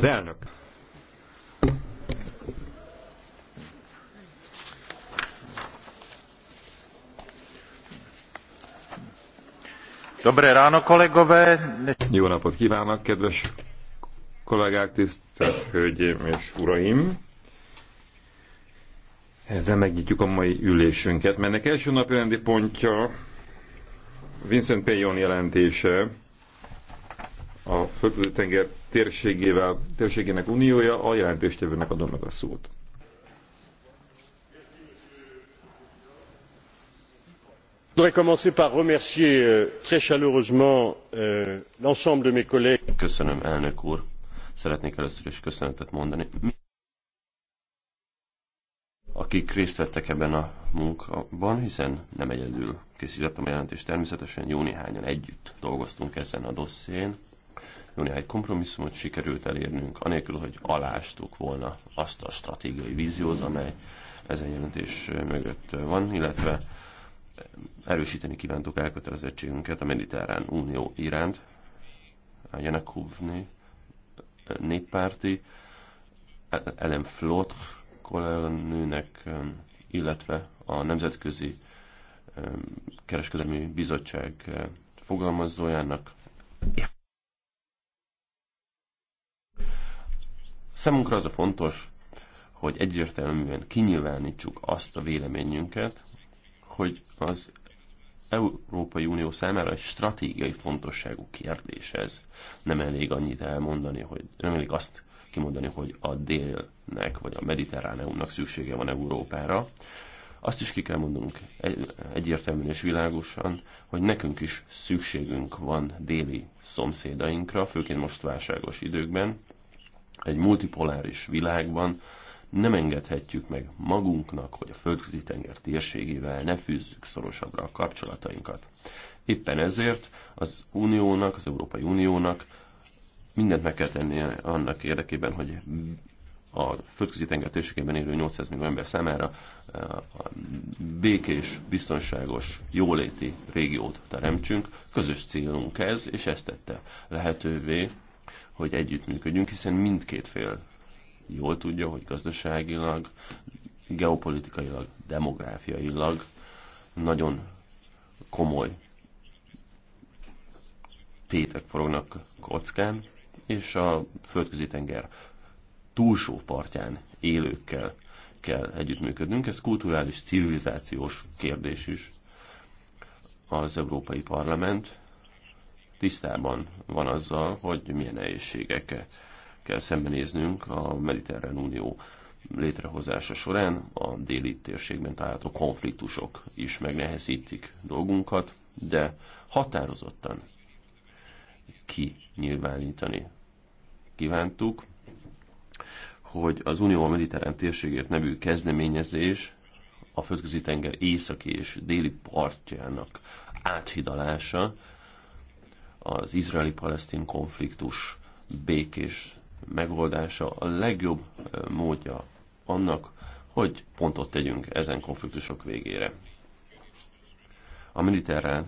Az elnök. Dobré ráno, Jó napot kívánok, kedves kollégák, tisztelt hölgyeim és uraim! Ezzel megnyitjuk a mai ülésünket, mert első napi rendi pontja Vincent Payon jelentése, a Földközi-tenger térségével, térségének uniója, a jelentéstevőnek adom meg a szót. Euh, euh, Köszönöm, elnök úr. Szeretnék először is köszönetet mondani. Akik részt vettek ebben a munkában, hiszen nem egyedül készítettem a jelentést, természetesen jó néhányan együtt dolgoztunk ezen a dosszén jó néhány kompromisszumot sikerült elérnünk, anélkül, hogy alástuk volna azt a stratégiai víziót, amely ezen jelentés mögött van, illetve erősíteni kívántuk elkötelezettségünket a Mediterrán Unió iránt, a Janakovné néppárti, Ellen Flott kolléganőnek, illetve a Nemzetközi ehm, Kereskedelmi Bizottság ehm, fogalmazójának. Yeah Számunkra az a fontos, hogy egyértelműen kinyilvánítsuk azt a véleményünket, hogy az Európai Unió számára egy stratégiai fontosságú kérdés ez. Nem elég annyit elmondani, hogy nem elég azt kimondani, hogy a délnek vagy a mediterráneumnak szüksége van Európára. Azt is ki kell mondanunk egyértelműen és világosan, hogy nekünk is szükségünk van déli szomszédainkra, főként most válságos időkben, egy multipoláris világban nem engedhetjük meg magunknak, hogy a földközi tenger térségével ne fűzzük szorosabbra a kapcsolatainkat. Éppen ezért az Uniónak, az Európai Uniónak mindent meg kell tennie annak érdekében, hogy a földközi tenger térségében élő 800 millió ember számára eh, a békés, biztonságos, jóléti régiót teremtsünk. Közös célunk ez, és ezt tette lehetővé hogy együttműködjünk, hiszen mindkét fél jól tudja, hogy gazdaságilag, geopolitikailag, demográfiailag nagyon komoly tétek forognak kockán, és a földközi tenger túlsó partján élőkkel kell együttműködnünk. Ez kulturális, civilizációs kérdés is. Az Európai Parlament tisztában van azzal, hogy milyen nehézségeket kell szembenéznünk a Mediterrán Unió létrehozása során a déli térségben található konfliktusok is megnehezítik dolgunkat, de határozottan kinyilvánítani kívántuk, hogy az Unió a Mediterrán térségért nevű kezdeményezés a földközi tenger északi és déli partjának áthidalása az izraeli-palesztin konfliktus békés megoldása a legjobb módja annak, hogy pontot tegyünk ezen konfliktusok végére. A Mediterrán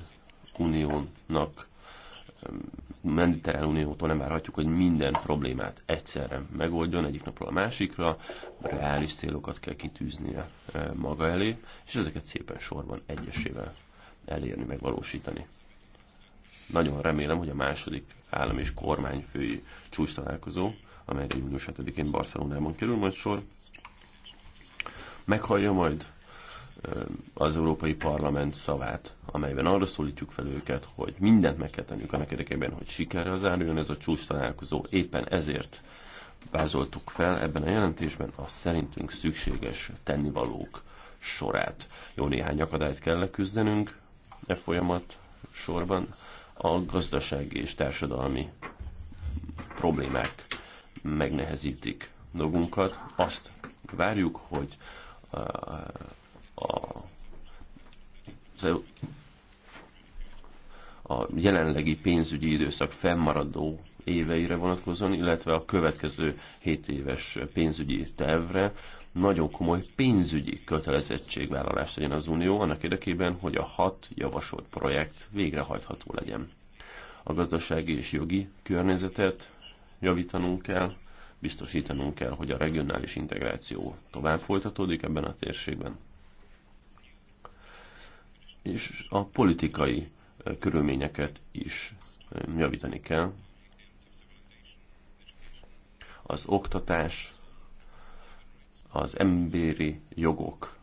Uniónak Mediterrán Uniótól nem várhatjuk, hogy minden problémát egyszerre megoldjon egyik napról a másikra, reális célokat kell kitűznie maga elé, és ezeket szépen sorban egyesével elérni, megvalósítani. Nagyon remélem, hogy a második állam és kormányfői csúcs találkozó, amely június 7-én Barcelonában kerül majd sor, meghallja majd az Európai Parlament szavát, amelyben arra szólítjuk fel őket, hogy mindent meg kell tenniük annak érdekében, hogy az záruljon ez a csúcs találkozó. Éppen ezért vázoltuk fel ebben a jelentésben a szerintünk szükséges tennivalók sorát. Jó néhány akadályt kell leküzdenünk e folyamat sorban, a gazdasági és társadalmi problémák megnehezítik dolgunkat. Azt várjuk, hogy a, a, a jelenlegi pénzügyi időszak fennmaradó éveire vonatkozóan, illetve a következő 7 éves pénzügyi tervre nagyon komoly pénzügyi kötelezettségvállalást legyen az Unió annak érdekében, hogy a hat javasolt projekt végrehajtható legyen. A gazdasági és jogi környezetet javítanunk kell, biztosítanunk kell, hogy a regionális integráció tovább folytatódik ebben a térségben. És a politikai körülményeket is javítani kell. Az oktatás, az emberi jogok,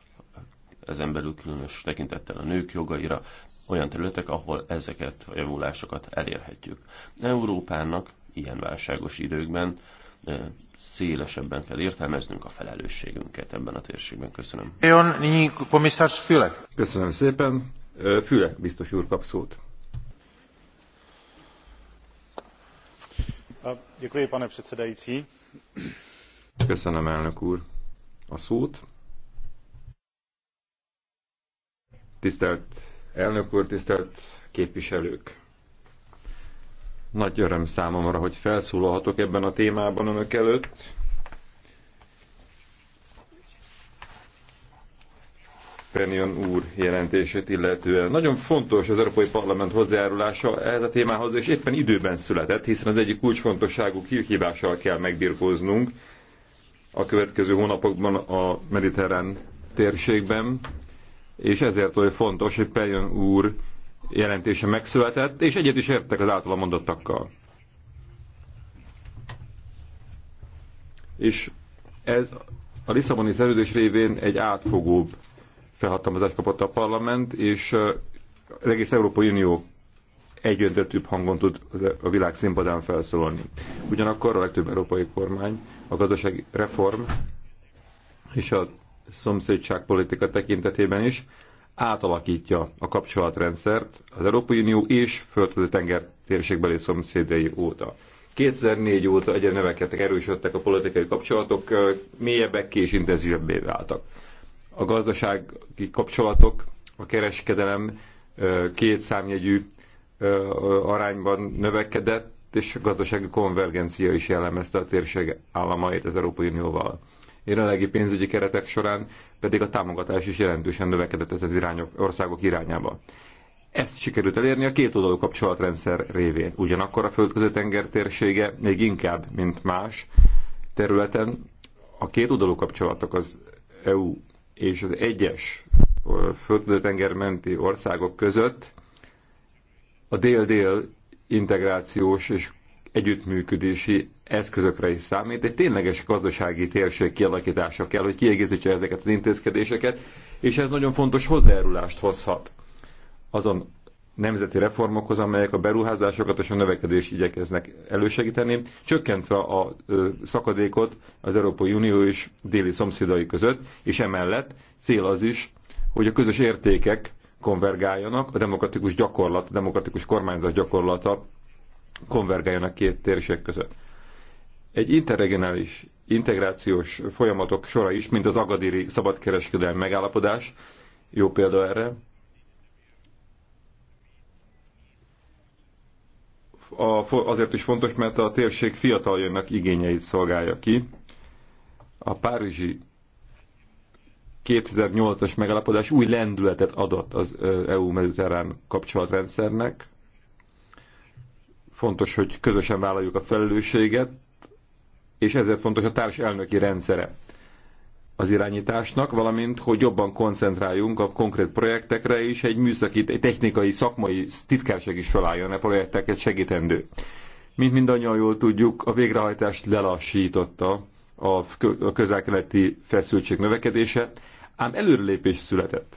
ezen belül különös tekintettel a nők jogaira, olyan területek, ahol ezeket a javulásokat elérhetjük. Európának ilyen válságos időkben szélesebben kell értelmeznünk a felelősségünket ebben a térségben. Köszönöm. Köszönöm szépen. Füle biztos úr kap szót. pane Köszönöm, elnök úr a szót. Tisztelt elnök úr, tisztelt képviselők! Nagy öröm számomra, hogy felszólalhatok ebben a témában önök előtt. Penion úr jelentését illetően. Nagyon fontos az Európai Parlament hozzájárulása ehhez a témához, és éppen időben született, hiszen az egyik kulcsfontosságú kihívással kell megbirkóznunk, a következő hónapokban a mediterrán térségben, és ezért olyan fontos, hogy Pejön úr jelentése megszületett, és egyet is értek az általa mondottakkal. És ez a Lisszaboni szerződés révén egy átfogóbb felhatalmazást kapott a parlament, és az egész Európai Unió egyöntetűbb hangon tud a világ színpadán felszólalni. Ugyanakkor a legtöbb európai kormány a gazdasági reform és a szomszédságpolitika tekintetében is átalakítja a kapcsolatrendszert az Európai Unió és földközi tenger térségbeli szomszédai óta. 2004 óta egyre növekedtek, erősödtek a politikai kapcsolatok, mélyebbek és intenzívebbé váltak. A gazdasági kapcsolatok, a kereskedelem két számjegyű arányban növekedett, és a gazdasági konvergencia is jellemezte a térség államait az Európai Unióval. Jelenlegi pénzügyi keretek során pedig a támogatás is jelentősen növekedett ezen irányok, országok irányába. Ezt sikerült elérni a két oldalú kapcsolatrendszer révén. Ugyanakkor a földközi tenger térsége még inkább, mint más területen a két oldalú kapcsolatok az EU és az egyes földközi tenger menti országok között a dél-dél integrációs és együttműködési eszközökre is számít. Egy tényleges gazdasági térség kialakítása kell, hogy kiegészítse ezeket az intézkedéseket, és ez nagyon fontos hozzájárulást hozhat azon nemzeti reformokhoz, amelyek a beruházásokat és a növekedést igyekeznek elősegíteni, csökkentve a szakadékot az Európai Unió és déli szomszédai között, és emellett cél az is, hogy a közös értékek konvergáljanak, a demokratikus gyakorlat, a demokratikus kormányzás gyakorlata a két térség között. Egy interregionális integrációs folyamatok sora is, mint az Agadiri szabadkereskedelmi megállapodás, jó példa erre. A, azért is fontos, mert a térség fiataljainak igényeit szolgálja ki. A párizsi 2008-as megalapodás új lendületet adott az EU-mediterrán kapcsolatrendszernek. Fontos, hogy közösen vállaljuk a felelősséget, és ezért fontos a társ elnöki rendszere az irányításnak, valamint, hogy jobban koncentráljunk a konkrét projektekre, és egy műszaki, egy technikai, szakmai titkárság is felálljon a e projekteket segítendő. Mint mindannyian jól tudjuk, a végrehajtást lelassította a közelkeleti feszültség növekedése, Ám előrelépés született,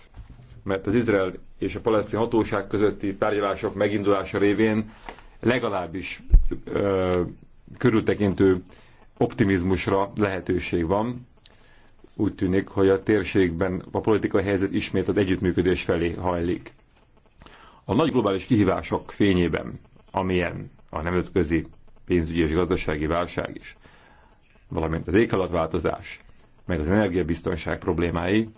mert az Izrael és a palesztin hatóság közötti tárgyalások megindulása révén legalábbis ö, körültekintő optimizmusra lehetőség van. Úgy tűnik, hogy a térségben a politikai helyzet ismét az együttműködés felé hajlik. A nagy globális kihívások fényében, amilyen a nemzetközi pénzügyi és gazdasági válság is, valamint az éghajlatváltozás, meg az energiabiztonság problémái,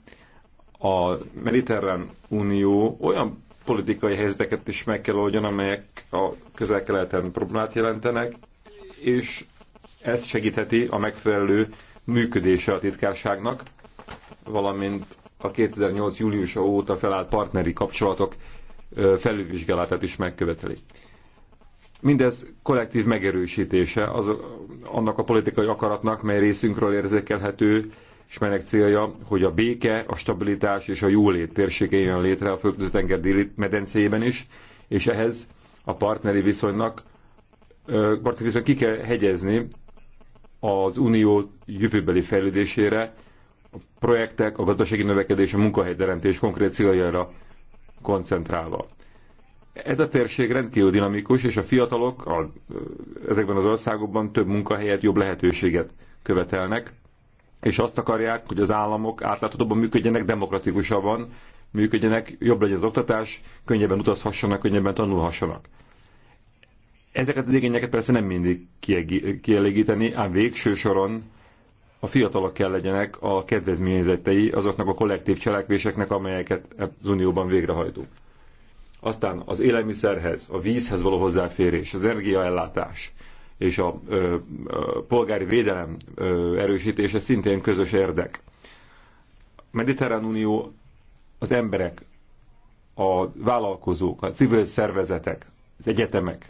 a Mediterrán Unió olyan politikai helyzeteket is meg kell oldjon, amelyek a közel-keleten problémát jelentenek, és ez segítheti a megfelelő működése a titkárságnak, valamint a 2008. júliusa óta felállt partneri kapcsolatok felülvizsgálatát is megköveteli. Mindez kollektív megerősítése az, annak a politikai akaratnak, mely részünkről érzékelhető, és melynek célja, hogy a béke, a stabilitás és a jólét térsége jön létre a földközi tenger déli medencéjében is, és ehhez a partneri viszonynak partneri viszony ki kell hegyezni az unió jövőbeli fejlődésére, a projektek, a gazdasági növekedés, a munkahelyteremtés konkrét céljára koncentrálva. Ez a térség rendkívül dinamikus, és a fiatalok a, ezekben az országokban több munkahelyet, jobb lehetőséget követelnek, és azt akarják, hogy az államok átláthatóban működjenek, demokratikusabban működjenek, jobb legyen az oktatás, könnyebben utazhassanak, könnyebben tanulhassanak. Ezeket az igényeket persze nem mindig kielégíteni, ám végső soron a fiatalok kell legyenek a kedvezményezettei azoknak a kollektív cselekvéseknek, amelyeket az Unióban végrehajtunk. Aztán az élelmiszerhez, a vízhez való hozzáférés, az energiaellátás és a ö, ö, polgári védelem ö, erősítése szintén közös érdek. A Mediterrán Unió az emberek, a vállalkozók, a civil szervezetek, az egyetemek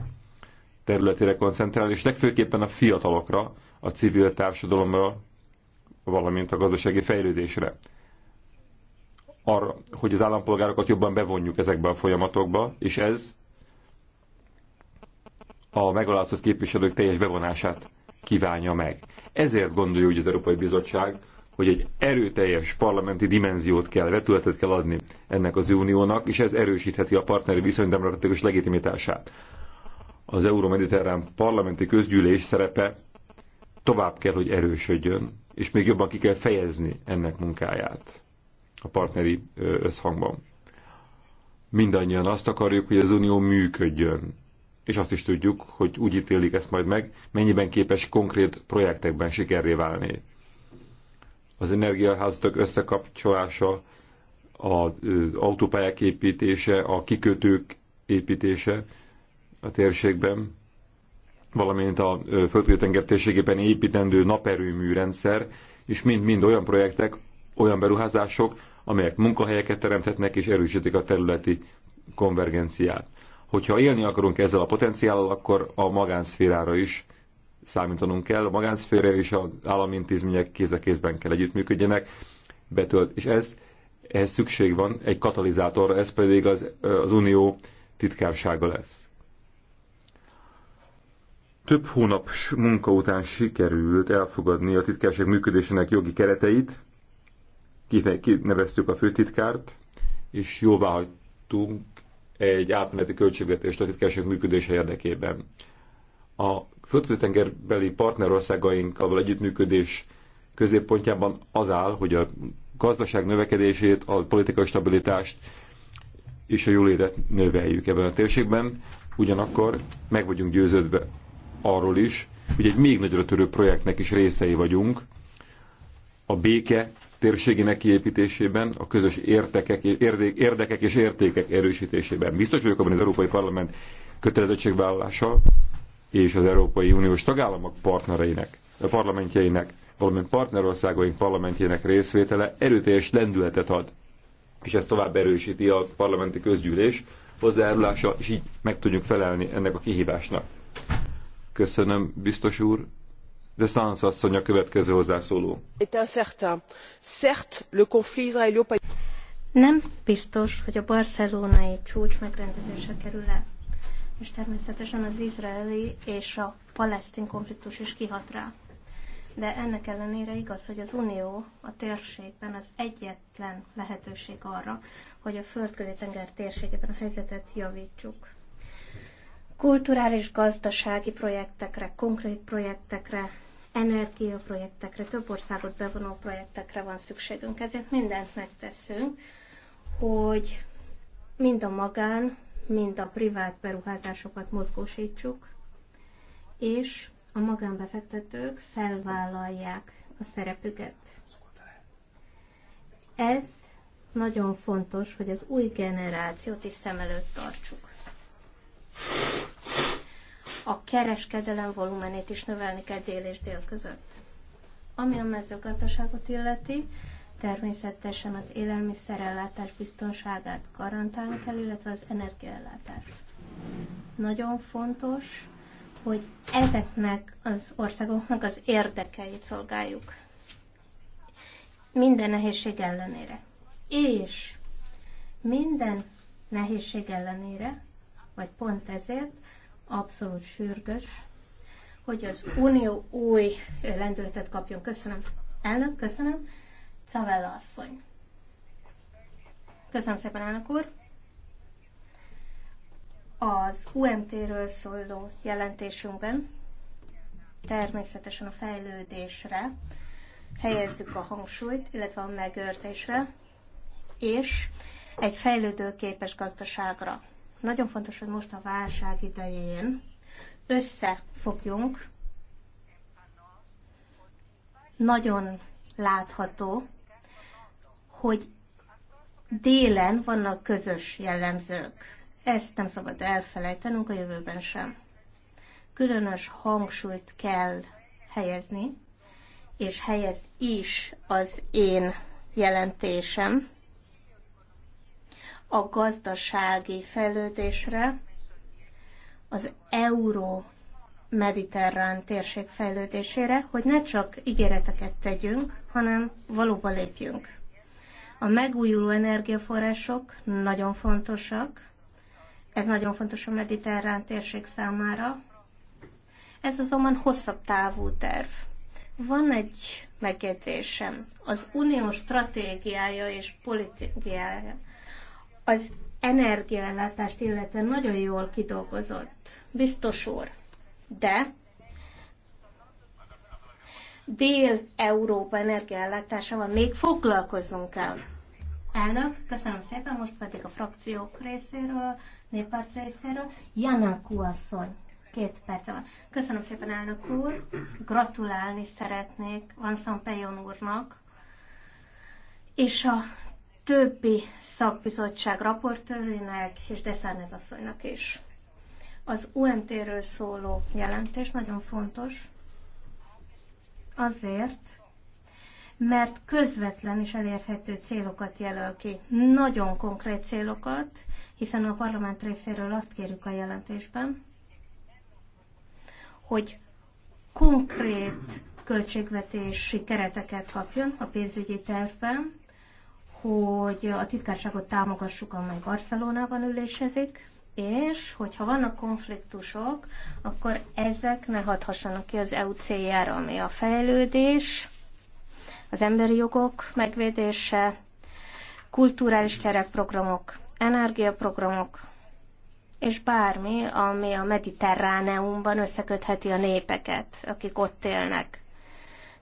területére koncentrál, és legfőképpen a fiatalokra, a civil társadalomra, valamint a gazdasági fejlődésre arra, hogy az állampolgárokat jobban bevonjuk ezekbe a folyamatokba, és ez a megalázott képviselők teljes bevonását kívánja meg. Ezért gondolja úgy az Európai Bizottság, hogy egy erőteljes parlamenti dimenziót kell, vetületet kell adni ennek az uniónak, és ez erősítheti a partneri viszony demokratikus legitimitását. Az Euró-Mediterrán parlamenti közgyűlés szerepe tovább kell, hogy erősödjön, és még jobban ki kell fejezni ennek munkáját a partneri összhangban. Mindannyian azt akarjuk, hogy az Unió működjön, és azt is tudjuk, hogy úgy ítélik ezt majd meg, mennyiben képes konkrét projektekben sikerré válni. Az energiaházatok összekapcsolása, az autópályák építése, a kikötők építése a térségben, valamint a földközi térségében építendő naperőmű rendszer, és mind-mind olyan projektek, olyan beruházások, amelyek munkahelyeket teremthetnek és erősítik a területi konvergenciát. Hogyha élni akarunk ezzel a potenciállal, akkor a magánszférára is számítanunk kell. A magánszféra és az állami intézmények kéz a kézben kell együttműködjenek, betölt. És ez, ehhez szükség van egy katalizátorra, ez pedig az, az unió titkársága lesz. Több hónap munka után sikerült elfogadni a titkárság működésének jogi kereteit, kineveztük a főtitkárt, és jóvá hagytunk egy átmeneti költségvetést a titkárság működése érdekében. A földtengerbeli partnerországainkkal együttműködés középpontjában az áll, hogy a gazdaság növekedését, a politikai stabilitást és a jólétet növeljük ebben a térségben, ugyanakkor meg vagyunk győződve arról is, hogy egy még nagyra törő projektnek is részei vagyunk, a béke térségének kiépítésében, a közös értekek, érdekek és értékek erősítésében. Biztos vagyok abban az Európai Parlament kötelezettségvállalása és az Európai Uniós tagállamok partnereinek, a parlamentjeinek, valamint partnerországaink parlamentjének részvétele erőteljes lendületet ad, és ezt tovább erősíti a parlamenti közgyűlés hozzájárulása, és így meg tudjuk felelni ennek a kihívásnak. Köszönöm, biztos úr de Sanz asszony a következő hozzászóló. Nem biztos, hogy a barcelonai csúcs megrendezése kerül le, és természetesen az izraeli és a palesztin konfliktus is kihat rá. De ennek ellenére igaz, hogy az Unió a térségben az egyetlen lehetőség arra, hogy a földközi-tenger térségében a helyzetet javítsuk kulturális, gazdasági projektekre, konkrét projektekre, energiaprojektekre, több országot bevonó projektekre van szükségünk, ezért mindent megteszünk, hogy mind a magán, mind a privát beruházásokat mozgósítsuk, és a magánbefektetők felvállalják a szerepüket. Ez nagyon fontos, hogy az új generációt is szem előtt tartsuk a kereskedelem volumenét is növelni kell dél és dél között. Ami a mezőgazdaságot illeti, természetesen az élelmiszerellátás biztonságát garantálni kell, illetve az energiaellátást. Nagyon fontos, hogy ezeknek az országoknak az érdekeit szolgáljuk. Minden nehézség ellenére. És minden nehézség ellenére, vagy pont ezért, abszolút sürgős, hogy az Unió új lendületet kapjon. Köszönöm. Elnök, köszönöm. Cavella asszony. Köszönöm szépen, elnök úr. Az UMT-ről szóló jelentésünkben természetesen a fejlődésre helyezzük a hangsúlyt, illetve a megőrzésre, és egy fejlődőképes gazdaságra. Nagyon fontos, hogy most a válság idején összefogjunk. Nagyon látható, hogy délen vannak közös jellemzők. Ezt nem szabad elfelejtenünk a jövőben sem. Különös hangsúlyt kell helyezni, és helyez is az én jelentésem a gazdasági fejlődésre, az euró mediterrán térség fejlődésére, hogy ne csak ígéreteket tegyünk, hanem valóban lépjünk. A megújuló energiaforrások nagyon fontosak, ez nagyon fontos a mediterrán térség számára. Ez azonban hosszabb távú terv. Van egy megjegyzésem. Az unió stratégiája és politikája az energiaellátást illetően nagyon jól kidolgozott, biztos úr, de Dél-Európa van, még foglalkoznunk kell. Elnök, köszönöm szépen, most pedig a frakciók részéről, néppárt részéről, Janakú asszony. Két perc van. Köszönöm szépen, elnök úr. Gratulálni szeretnék Van Pejon úrnak, és a többi szakbizottság raportőrének és Deszárnez asszonynak is. Az UMT-ről szóló jelentés nagyon fontos, azért, mert közvetlen és elérhető célokat jelöl ki, nagyon konkrét célokat, hiszen a parlament részéről azt kérjük a jelentésben, hogy konkrét költségvetési kereteket kapjon a pénzügyi tervben, hogy a titkárságot támogassuk, amely Barcelonában ülésezik, és hogyha vannak konfliktusok, akkor ezek ne hathassanak ki az EU céljára, ami a fejlődés, az emberi jogok megvédése, kulturális gyerekprogramok, energiaprogramok, és bármi, ami a mediterráneumban összekötheti a népeket, akik ott élnek.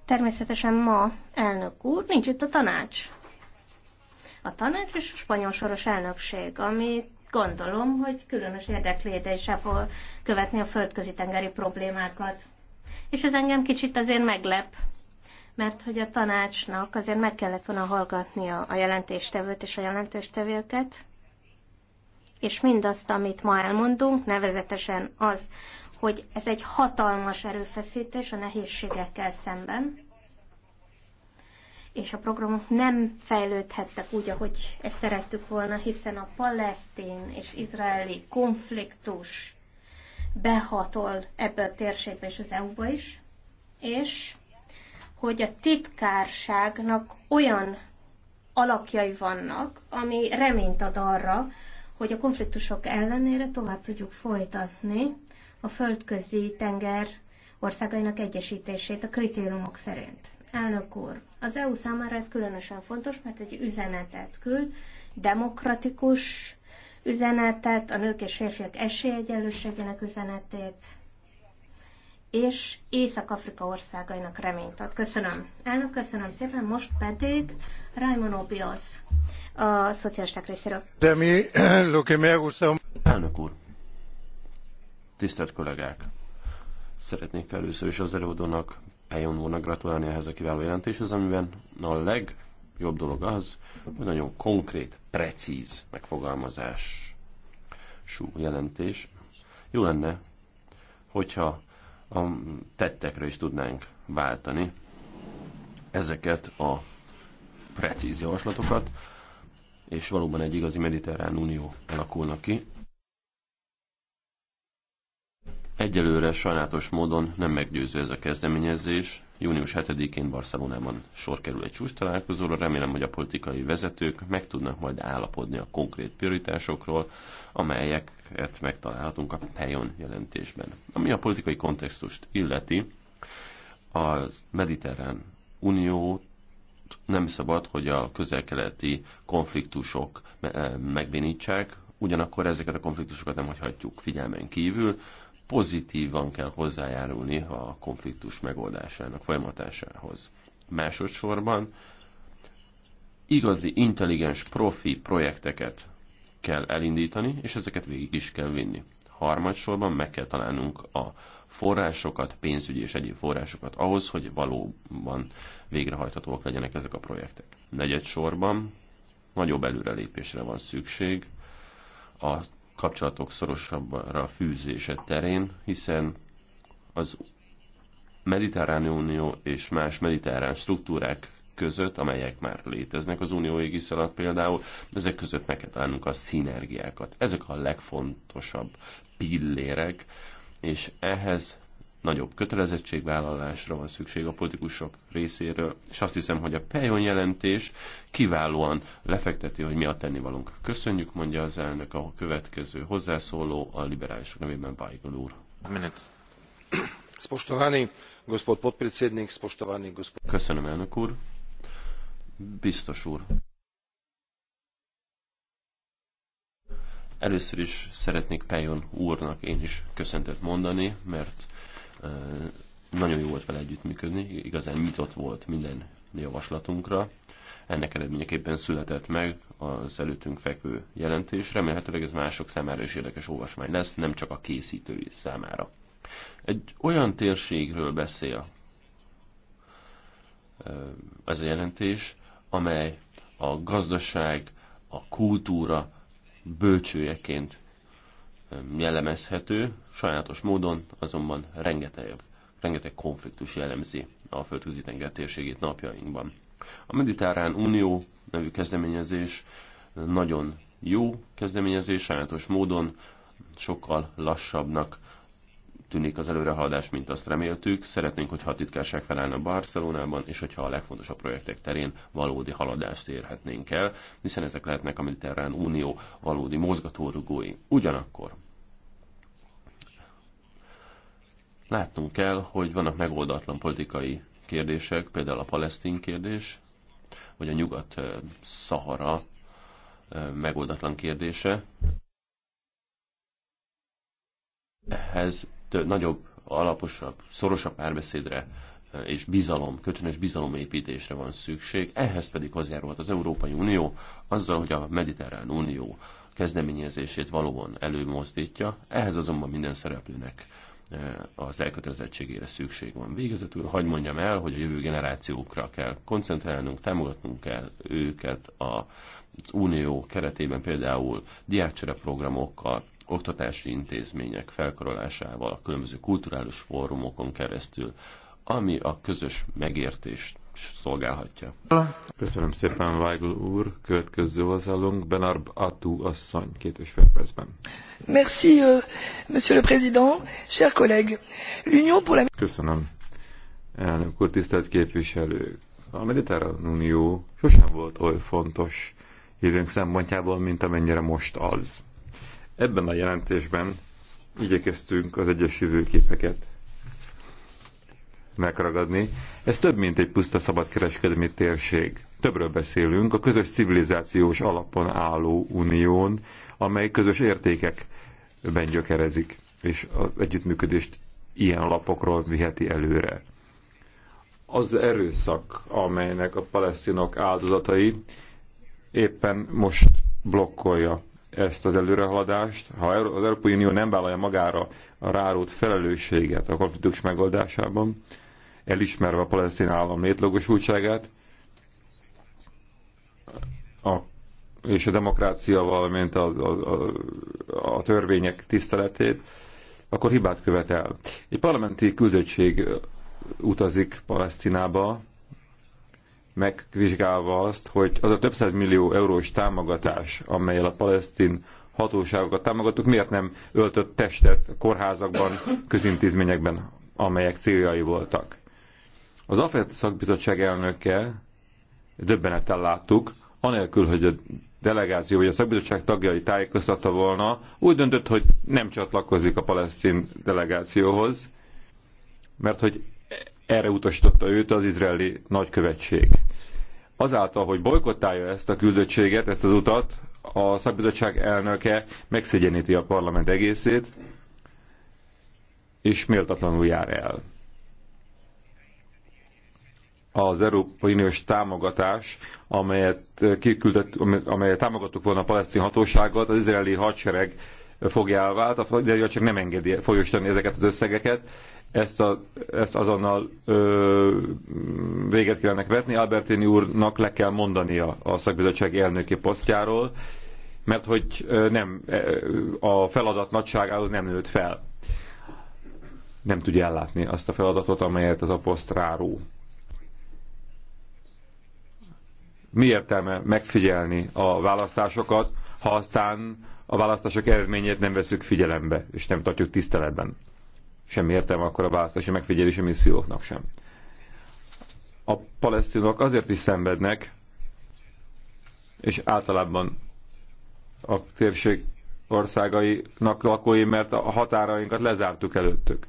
Természetesen ma, elnök úr, nincs itt a tanács a tanács és a spanyol soros elnökség, ami gondolom, hogy különös érdeklődéssel fog követni a földközi tengeri problémákat. És ez engem kicsit azért meglep, mert hogy a tanácsnak azért meg kellett volna hallgatnia a jelentéstevőt és a jelentéstevőket, és mindazt, amit ma elmondunk, nevezetesen az, hogy ez egy hatalmas erőfeszítés a nehézségekkel szemben, és a programok nem fejlődhettek úgy, ahogy ezt szerettük volna, hiszen a palesztin és izraeli konfliktus behatol ebbe a térségbe és az EU-ba is, és hogy a titkárságnak olyan alakjai vannak, ami reményt ad arra, hogy a konfliktusok ellenére tovább tudjuk folytatni a földközi tenger országainak egyesítését a kritériumok szerint. Elnök úr, az EU számára ez különösen fontos, mert egy üzenetet küld, demokratikus üzenetet, a nők és férfiak esélyegyenlőségének üzenetét, és Észak-Afrika országainak reményt ad. Köszönöm. Elnök, köszönöm szépen. Most pedig Raimon Obios, a szocialisták részéről. De mi, lo que me gusta... Elnök úr, tisztelt kollégák, szeretnék először is az előadónak helyen volna gratulálni ehhez a kiváló jelentéshez, amiben a legjobb dolog az, hogy nagyon konkrét, precíz megfogalmazású jelentés. Jó lenne, hogyha a tettekre is tudnánk váltani ezeket a precíz javaslatokat, és valóban egy igazi mediterrán unió alakulna ki, Egyelőre sajnálatos módon nem meggyőző ez a kezdeményezés. Június 7-én Barcelonában sor kerül egy csúcs találkozóra. Remélem, hogy a politikai vezetők meg tudnak majd állapodni a konkrét prioritásokról, amelyeket megtalálhatunk a Pejon jelentésben. Ami a politikai kontextust illeti, a mediterrán uniót nem szabad, hogy a közelkeleti konfliktusok eh, megbénítsák, ugyanakkor ezeket a konfliktusokat nem hagyhatjuk figyelmen kívül, pozitívan kell hozzájárulni a konfliktus megoldásának folyamatásához. Másodszorban igazi, intelligens, profi projekteket kell elindítani, és ezeket végig is kell vinni. Harmadsorban meg kell találnunk a forrásokat, pénzügyi és egyéb forrásokat ahhoz, hogy valóban végrehajthatóak legyenek ezek a projektek. Negyedsorban nagyobb előrelépésre van szükség a kapcsolatok szorosabbra fűzése terén, hiszen az mediterrán unió és más mediterrán struktúrák között, amelyek már léteznek az unió égisz alatt például, ezek között meg kell találnunk a szinergiákat. Ezek a legfontosabb pillérek, és ehhez nagyobb kötelezettségvállalásra van szükség a politikusok részéről, és azt hiszem, hogy a Pejon jelentés kiválóan lefekteti, hogy mi a tennivalónk. Köszönjük, mondja az elnök a következő hozzászóló, a liberálisok nevében Weigl úr. gospod... Köszönöm, elnök úr. Biztos úr. Először is szeretnék Pejon úrnak én is köszöntet mondani, mert nagyon jó volt vele együttműködni, igazán nyitott volt minden javaslatunkra. Ennek eredményeképpen született meg az előttünk fekvő jelentés. Remélhetőleg ez mások számára is érdekes olvasmány lesz, nem csak a készítői számára. Egy olyan térségről beszél ez a jelentés, amely a gazdaság, a kultúra bölcsőjeként jellemezhető, Sajátos módon azonban rengeteg, rengeteg konfliktus jellemzi a földközi tenger térségét napjainkban. A Mediterrán Unió nevű kezdeményezés nagyon jó kezdeményezés, sajátos módon sokkal lassabbnak tűnik az előrehaladás, mint azt reméltük. Szeretnénk, hogyha a titkárság felállna Barcelonában, és hogyha a legfontosabb projektek terén valódi haladást érhetnénk el, hiszen ezek lehetnek a Mediterrán Unió valódi mozgatórugói. Ugyanakkor Látnunk kell, hogy vannak megoldatlan politikai kérdések, például a palesztin kérdés, vagy a nyugat-szahara megoldatlan kérdése. Ehhez több, nagyobb, alaposabb, szorosabb párbeszédre és bizalom, kölcsönös bizalomépítésre van szükség. Ehhez pedig hozzájárulhat az Európai Unió azzal, hogy a Mediterrán Unió kezdeményezését valóban előmozdítja. Ehhez azonban minden szereplőnek Eh, az elkötelezettségére szükség van. Végezetül hagyd mondjam el, hogy a jövő generációkra kell koncentrálnunk, támogatnunk kell őket a az unió keretében például diákcsere programokkal, oktatási intézmények felkarolásával, a különböző kulturális fórumokon keresztül, ami a közös megértést szolgálhatja. Köszönöm szépen, Weigl úr. Következő hozzállunk, Benarb Atú asszony, két és fél percben. Merci, euh, monsieur le président, cher collègue. L'Union pour la... Köszönöm. Elnök úr, tisztelt képviselők. A Mediterrán Unió sosem volt oly fontos jövőnk szempontjából, mint amennyire most az. Ebben a jelentésben igyekeztünk az egyes jövőképeket megragadni. Ez több, mint egy puszta szabadkereskedelmi térség. Többről beszélünk, a közös civilizációs alapon álló unión, amely közös értékekben gyökerezik, és az együttműködést ilyen lapokról viheti előre. Az erőszak, amelynek a palesztinok áldozatai éppen most blokkolja ezt az előrehaladást, ha az Európai Unió nem vállalja magára a rárót felelősséget a konfliktus megoldásában, elismerve a palesztin állam létlogosultságát, a, és a demokrácia, valamint a, a, a, a törvények tiszteletét, akkor hibát követel. Egy parlamenti küldöttség utazik Palesztinába, megvizsgálva azt, hogy az a több millió eurós támogatás, amelyel a palesztin hatóságokat támogatók miért nem öltött testet kórházakban, közintézményekben, amelyek céljai voltak. Az AFET szakbizottság elnöke, döbbenettel láttuk, anélkül, hogy a delegáció vagy a szakbizottság tagjai tájékoztatta volna, úgy döntött, hogy nem csatlakozik a palesztin delegációhoz, mert hogy erre utasította őt az izraeli nagykövetség. Azáltal, hogy bolykottálja ezt a küldöttséget, ezt az utat, a szakbizottság elnöke megszégyeníti a parlament egészét, és méltatlanul jár el az Európai Uniós támogatás, amelyet, eh, kiküldött, amelyet támogattuk volna a palesztin hatóságot, az izraeli hadsereg fogja vált, a hadsereg nem engedi folyósítani ezeket az összegeket, ezt, a, ezt azonnal ö, véget kellene vetni. Albertini úrnak le kell mondania a szakbizottság elnöki posztjáról, mert hogy nem, e, a feladat nagyságához nem nőtt fel. Nem tudja ellátni azt a feladatot, amelyet az poszt ráró. mi értelme megfigyelni a választásokat, ha aztán a választások eredményét nem veszük figyelembe, és nem tartjuk tiszteletben. Semmi értelme akkor a választási megfigyelési misszióknak sem. A palesztinok azért is szenvednek, és általában a térség országainak lakói, mert a határainkat lezártuk előttük.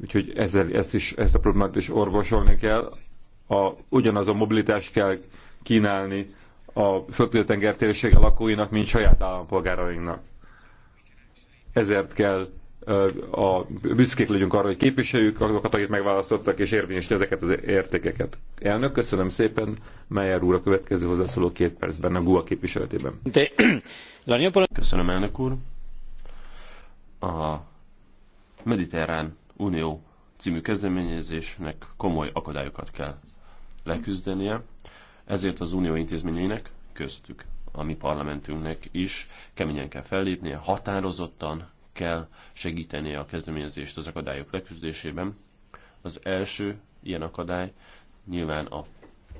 Úgyhogy ezzel, ezt, is, ezt a problémát is orvosolni kell. A, ugyanaz a mobilitást kell kínálni a földközi-tenger térsége lakóinak, mint saját állampolgárainknak. Ezért kell a, büszkék legyünk arra, hogy képviseljük azokat, akik megválasztottak, és érvényesíti ezeket az értékeket. Elnök, köszönöm szépen. Meyer úr a következő hozzászóló két percben a GUA képviseletében. Köszönöm, elnök úr. A Mediterrán Unió című kezdeményezésnek komoly akadályokat kell leküzdenie. Ezért az unió intézményeinek, köztük a mi parlamentünknek is keményen kell fellépnie, határozottan kell segítenie a kezdeményezést az akadályok leküzdésében. Az első ilyen akadály nyilván a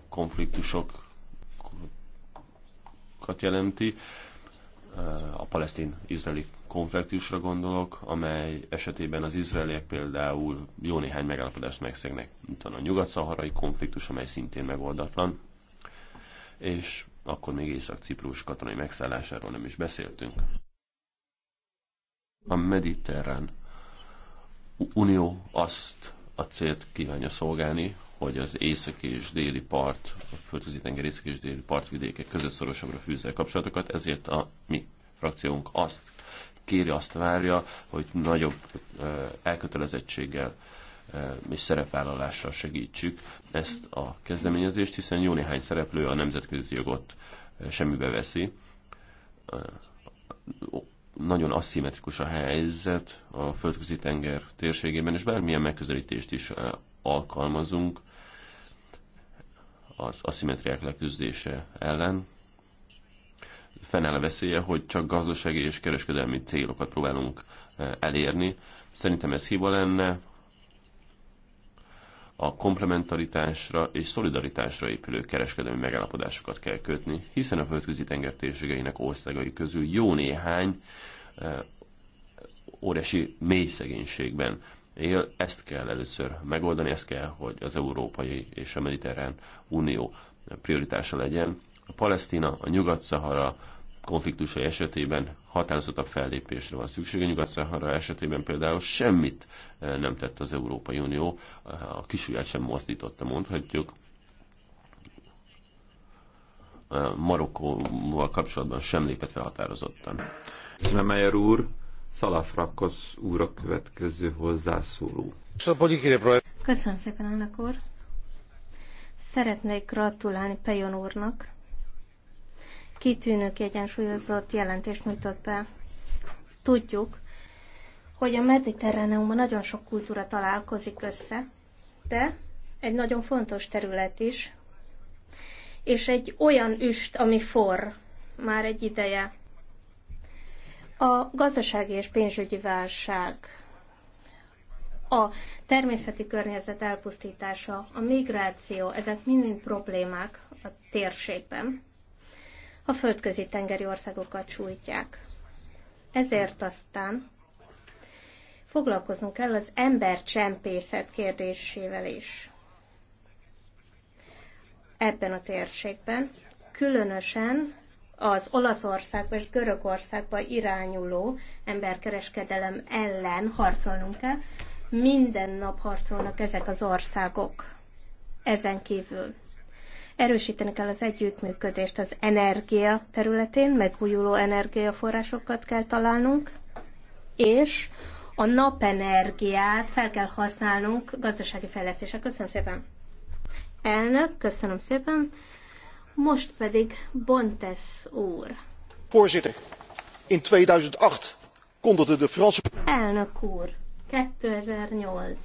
konfliktusokat jelenti, a palesztin-izraeli konfliktusra gondolok, amely esetében az izraeliek például jó néhány megállapodást megszegnek. mint a nyugat-szaharai konfliktus, amely szintén megoldatlan és akkor még Észak-Ciprus katonai megszállásáról nem is beszéltünk. A mediterrán unió azt a célt kívánja szolgálni, hogy az északi és déli part, a földközi tenger északi és déli partvidékek között szorosabbra fűzze kapcsolatokat, ezért a mi frakciónk azt kéri, azt várja, hogy nagyobb elkötelezettséggel és szerepvállalással segítsük ezt a kezdeményezést, hiszen jó néhány szereplő a nemzetközi jogot semmibe veszi. Nagyon aszimmetrikus a helyzet a földközi tenger térségében, és bármilyen megközelítést is alkalmazunk az aszimmetriák leküzdése ellen, fennáll a veszélye, hogy csak gazdasági és kereskedelmi célokat próbálunk elérni. Szerintem ez hiba lenne, a komplementaritásra és szolidaritásra épülő kereskedelmi megállapodásokat kell kötni, hiszen a földközi tenger térségeinek országai közül jó néhány eh, óriási mély szegénységben él, ezt kell először megoldani, ezt kell, hogy az Európai és a Mediterrán Unió prioritása legyen. A Palesztina, a Nyugat-Szahara, konfliktusai esetében határozottabb fellépésre van A nyugat esetében például semmit eh, nem tett az Európai Unió, eh, a kisúját sem mozdította, mondhatjuk. Eh, Marokkóval kapcsolatban sem lépett fel határozottan. Szimemeyer úr, Szalafrakosz úr a következő hozzászóló. Köszönöm szépen, elnök úr! Szeretnék gratulálni Pejon úrnak kitűnő kiegyensúlyozott jelentést nyújtott be. Tudjuk, hogy a mediterráneumban nagyon sok kultúra találkozik össze, de egy nagyon fontos terület is, és egy olyan üst, ami forr már egy ideje. A gazdasági és pénzügyi válság, a természeti környezet elpusztítása, a migráció, ezek mind-mind problémák a térségben a földközi tengeri országokat sújtják. Ezért aztán foglalkoznunk kell az embercsempészet kérdésével is. Ebben a térségben, különösen az Olaszországba és Görögországba irányuló emberkereskedelem ellen harcolnunk kell. Minden nap harcolnak ezek az országok ezen kívül. Erősíteni kell az együttműködést az energia területén, megújuló energiaforrásokat kell találnunk, és a napenergiát fel kell használnunk gazdasági fejlesztésre. Köszönöm szépen. Elnök, köszönöm szépen. Most pedig Bontes úr. Voorzitter, in 2008 kondigde de Franse... Elnök úr, 2008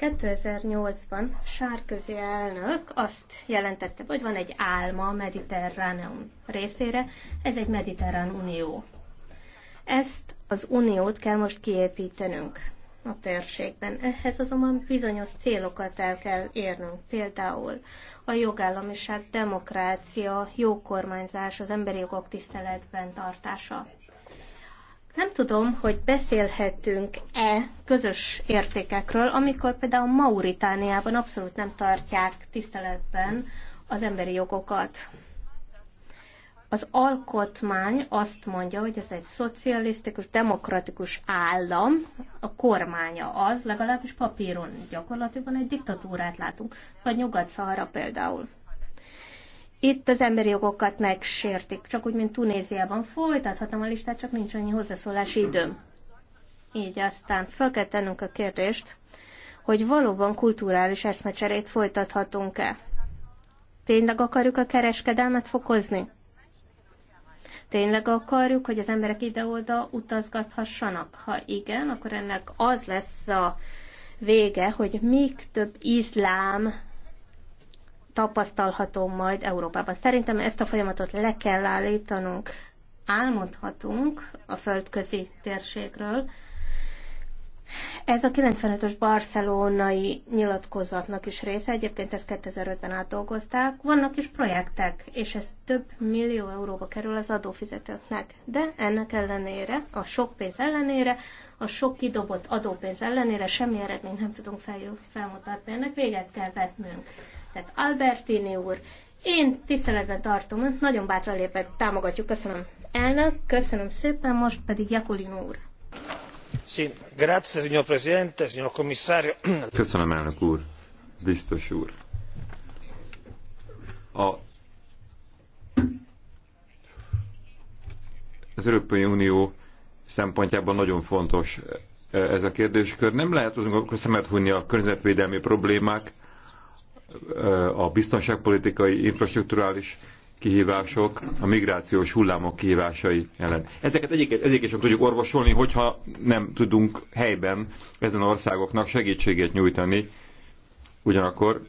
2008-ban Sárközi elnök azt jelentette, hogy van egy álma a Mediterráneum részére, ez egy Mediterrán Unió. Ezt az uniót kell most kiépítenünk a térségben. Ehhez azonban bizonyos célokat el kell érnünk, például a jogállamiság, demokrácia, jó kormányzás, az emberi jogok tiszteletben tartása. Nem tudom, hogy beszélhetünk-e közös értékekről, amikor például Mauritániában abszolút nem tartják tiszteletben az emberi jogokat. Az alkotmány azt mondja, hogy ez egy szocialisztikus, demokratikus állam, a kormánya az, legalábbis papíron gyakorlatilag egy diktatúrát látunk, vagy Nyugat-Szahara például. Itt az emberi jogokat megsértik, csak úgy, mint Tunéziában. Folytathatom a listát, csak nincs annyi hozzászólási időm. Így aztán fel kell tennünk a kérdést, hogy valóban kulturális eszmecserét folytathatunk-e. Tényleg akarjuk a kereskedelmet fokozni? Tényleg akarjuk, hogy az emberek ide-oda utazgathassanak? Ha igen, akkor ennek az lesz a vége, hogy még több izlám tapasztalható majd Európában. Szerintem ezt a folyamatot le kell állítanunk. Álmodhatunk a földközi térségről, ez a 95-ös barcelonai nyilatkozatnak is része, egyébként ezt 2005-ben átdolgozták. Vannak is projektek, és ez több millió euróba kerül az adófizetőknek. De ennek ellenére, a sok pénz ellenére, a sok kidobott adópénz ellenére semmi eredmény nem tudunk fel, felmutatni. Ennek véget kell vetnünk. Tehát Albertini úr, én tiszteletben tartom önt, nagyon bátran lépett, támogatjuk, köszönöm. Elnök, köszönöm szépen, most pedig Jakulin úr. Köszönöm, elnök úr, biztos úr. az Európai Unió szempontjából nagyon fontos e, ez a kérdéskör. Nem lehet azonban szemet hunyni a környezetvédelmi problémák, e, a biztonságpolitikai, infrastrukturális kihívások, a migrációs hullámok kihívásai ellen. Ezeket egyébként, egyik sem tudjuk orvosolni, hogyha nem tudunk helyben ezen országoknak segítséget nyújtani. Ugyanakkor,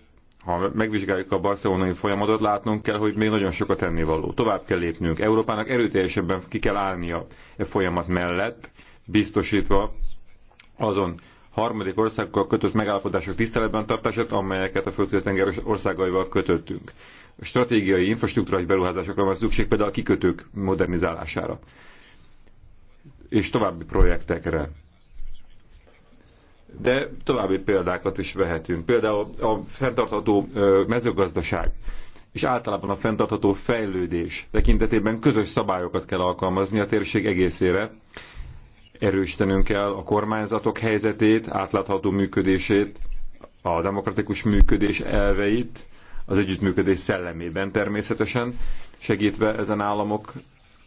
ha megvizsgáljuk a barcelonai folyamatot, látnunk kell, hogy még nagyon sokat tennivaló. Tovább kell lépnünk. Európának erőteljesebben ki kell állnia e folyamat mellett, biztosítva azon harmadik országokkal kötött megállapodások tiszteletben tartását, amelyeket a földközi tengeres országaival kötöttünk stratégiai, infrastruktúrai beruházásokra van szükség, például a kikötők modernizálására és további projektekre. De további példákat is vehetünk. Például a fenntartható mezőgazdaság és általában a fenntartható fejlődés tekintetében közös szabályokat kell alkalmazni a térség egészére. Erősítenünk kell a kormányzatok helyzetét, átlátható működését, a demokratikus működés elveit, az együttműködés szellemében természetesen, segítve ezen államok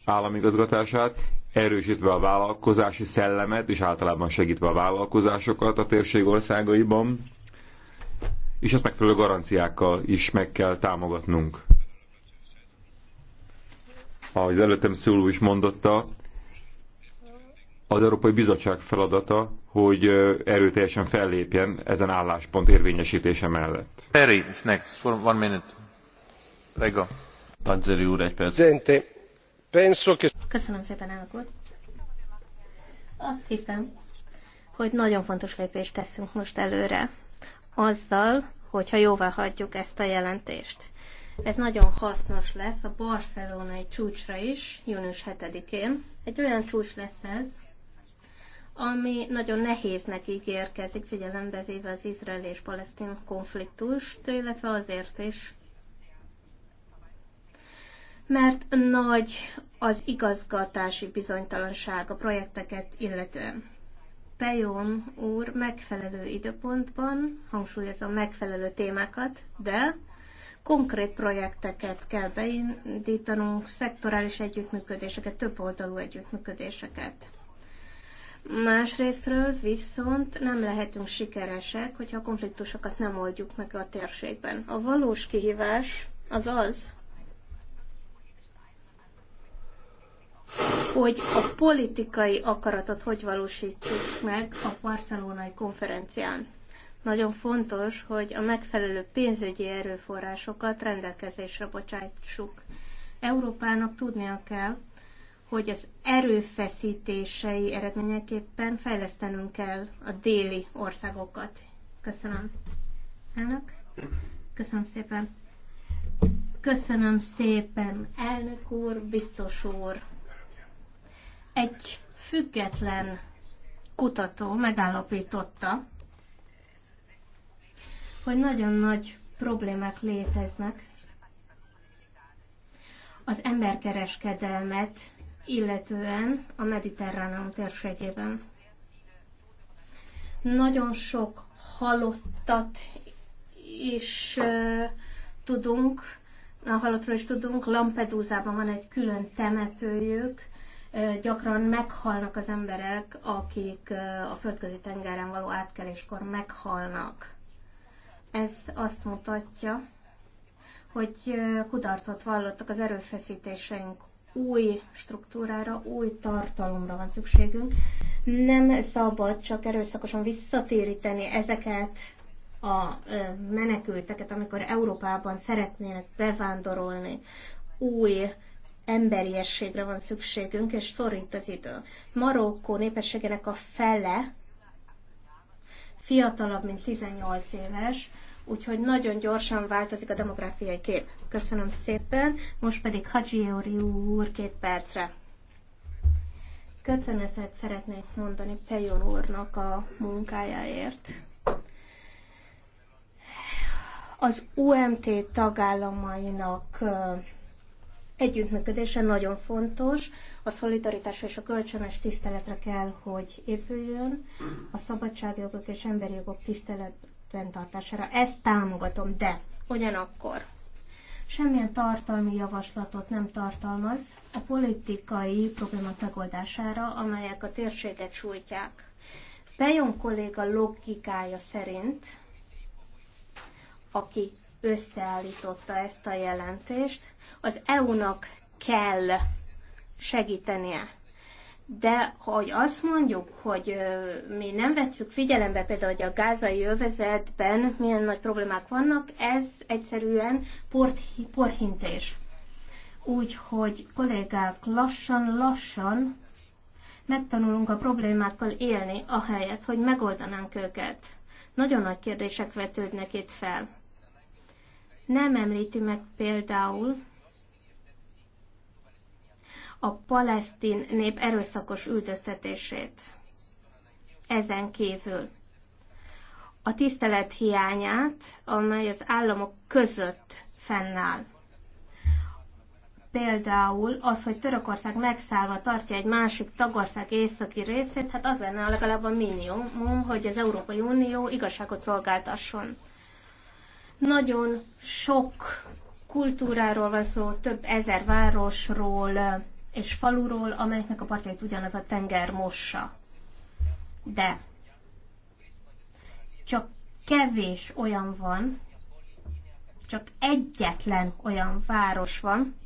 államigazgatását, erősítve a vállalkozási szellemet, és általában segítve a vállalkozásokat a térség országaiban, és ezt megfelelő garanciákkal is meg kell támogatnunk. Ahogy az előttem szóló is mondotta, az Európai Bizottság feladata, hogy erőteljesen fellépjen ezen álláspont érvényesítése mellett. Perry, next, for one minute. Prego. Panzeri úr, egy perc. Köszönöm szépen, elnök úr. Azt hiszem, hogy nagyon fontos lépést teszünk most előre azzal, hogyha jóvá hagyjuk ezt a jelentést. Ez nagyon hasznos lesz a barcelonai csúcsra is, június 7-én. Egy olyan csúcs lesz ez, ami nagyon nehéznek ígérkezik, figyelembe véve az izrael és palesztin konfliktust, illetve azért is, mert nagy az igazgatási bizonytalanság a projekteket illetően. Pejon úr megfelelő időpontban hangsúlyozom megfelelő témákat, de konkrét projekteket kell beindítanunk, szektorális együttműködéseket, több oldalú együttműködéseket. Másrésztről viszont nem lehetünk sikeresek, hogyha a konfliktusokat nem oldjuk meg a térségben. A valós kihívás az az, hogy a politikai akaratot hogy valósítsuk meg a barcelonai konferencián. Nagyon fontos, hogy a megfelelő pénzügyi erőforrásokat rendelkezésre bocsájtsuk. Európának tudnia kell, hogy az erőfeszítései eredményeképpen fejlesztenünk kell a déli országokat. Köszönöm. Elnök? Köszönöm szépen. Köszönöm szépen, elnök úr, biztos úr. Egy független kutató megállapította, hogy nagyon nagy problémák léteznek az emberkereskedelmet illetően a Mediterráneum térségében. Nagyon sok halottat is uh, tudunk, a halottról is tudunk, Lampedúzában van egy külön temetőjük, gyakran meghalnak az emberek, akik a földközi tengeren való átkeléskor meghalnak. Ez azt mutatja, hogy kudarcot vallottak az erőfeszítéseink új struktúrára, új tartalomra van szükségünk. Nem szabad csak erőszakosan visszatéríteni ezeket a menekülteket, amikor Európában szeretnének bevándorolni. Új emberiességre van szükségünk, és szorít az idő. Marokkó népességének a fele fiatalabb, mint 18 éves, úgyhogy nagyon gyorsan változik a demográfiai kép. Köszönöm szépen, most pedig Hadzsi úr két percre. Köszönetet szeretnék mondani Pejon úrnak a munkájáért. Az UMT tagállamainak együttműködése nagyon fontos, a szolidaritás és a kölcsönös tiszteletre kell, hogy épüljön, a szabadságjogok és emberi jogok tisztelet, fenntartására. Ezt támogatom, de ugyanakkor semmilyen tartalmi javaslatot nem tartalmaz a politikai problémák megoldására, amelyek a térséget sújtják. Bejon kolléga logikája szerint, aki összeállította ezt a jelentést, az EU-nak kell segítenie de hogy azt mondjuk, hogy mi nem veszük figyelembe például, hogy a gázai övezetben milyen nagy problémák vannak, ez egyszerűen port, porhintés. Úgyhogy kollégák, lassan-lassan megtanulunk a problémákkal élni, ahelyett, hogy megoldanánk őket. Nagyon nagy kérdések vetődnek itt fel. Nem említi meg például, a palesztin nép erőszakos üldöztetését. Ezen kívül a tisztelet hiányát, amely az államok között fennáll. Például az, hogy Törökország megszállva tartja egy másik tagország északi részét, hát az lenne legalább a minimum, hogy az Európai Unió igazságot szolgáltasson. Nagyon sok kultúráról van szó, több ezer városról, és faluról, amelyeknek a partjait ugyanaz a tenger mossa. De csak kevés olyan van, csak egyetlen olyan város van,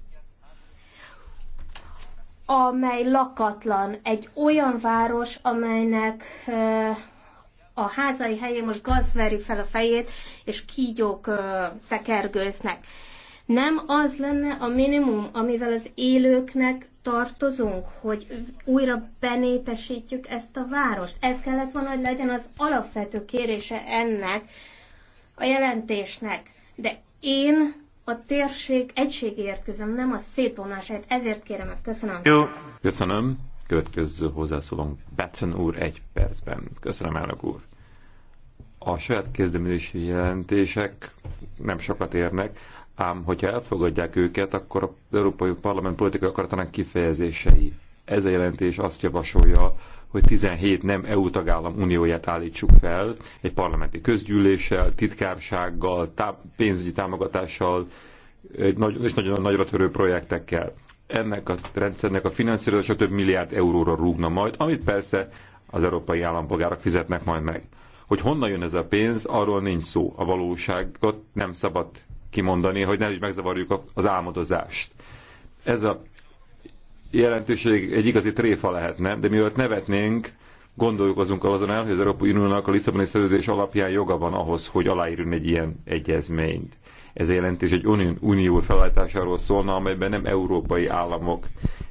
amely lakatlan. Egy olyan város, amelynek eh, a házai helyén most gaz veri fel a fejét, és kígyók eh, tekergőznek. Nem az lenne a minimum, amivel az élőknek tartozunk, hogy újra benépesítjük ezt a várost. Ez kellett volna, hogy legyen az alapvető kérése ennek a jelentésnek. De én a térség egységért küzdöm, nem a szétvonásért. Ezért kérem ezt. Köszönöm. Jó. Köszönöm. Következő hozzászólunk Batten úr egy percben. Köszönöm, elnök úr. A saját kezdeményezési jelentések nem sokat érnek, ám hogyha elfogadják őket, akkor az Európai Parlament politikai akaratának kifejezései. Ez a jelentés azt javasolja, hogy 17 nem EU tagállam unióját állítsuk fel, egy parlamenti közgyűléssel, titkársággal, tá- pénzügyi támogatással, egy nagy- és nagyon nagyra törő projektekkel. Ennek a rendszernek a finanszírozása több milliárd euróra rúgna majd, amit persze az európai állampolgárok fizetnek majd meg. Hogy honnan jön ez a pénz, arról nincs szó. A valóságot nem szabad kimondani, hogy nehogy megzavarjuk az álmodozást. Ez a jelentőség egy igazi tréfa lehetne, de mielőtt nevetnénk, gondoljuk azunk azon el, hogy az Európai Uniónak a Lisszaboni szerződés alapján joga van ahhoz, hogy aláírjon egy ilyen egyezményt. Ez a jelentés egy unió, unió felállításáról szólna, amelyben nem európai államok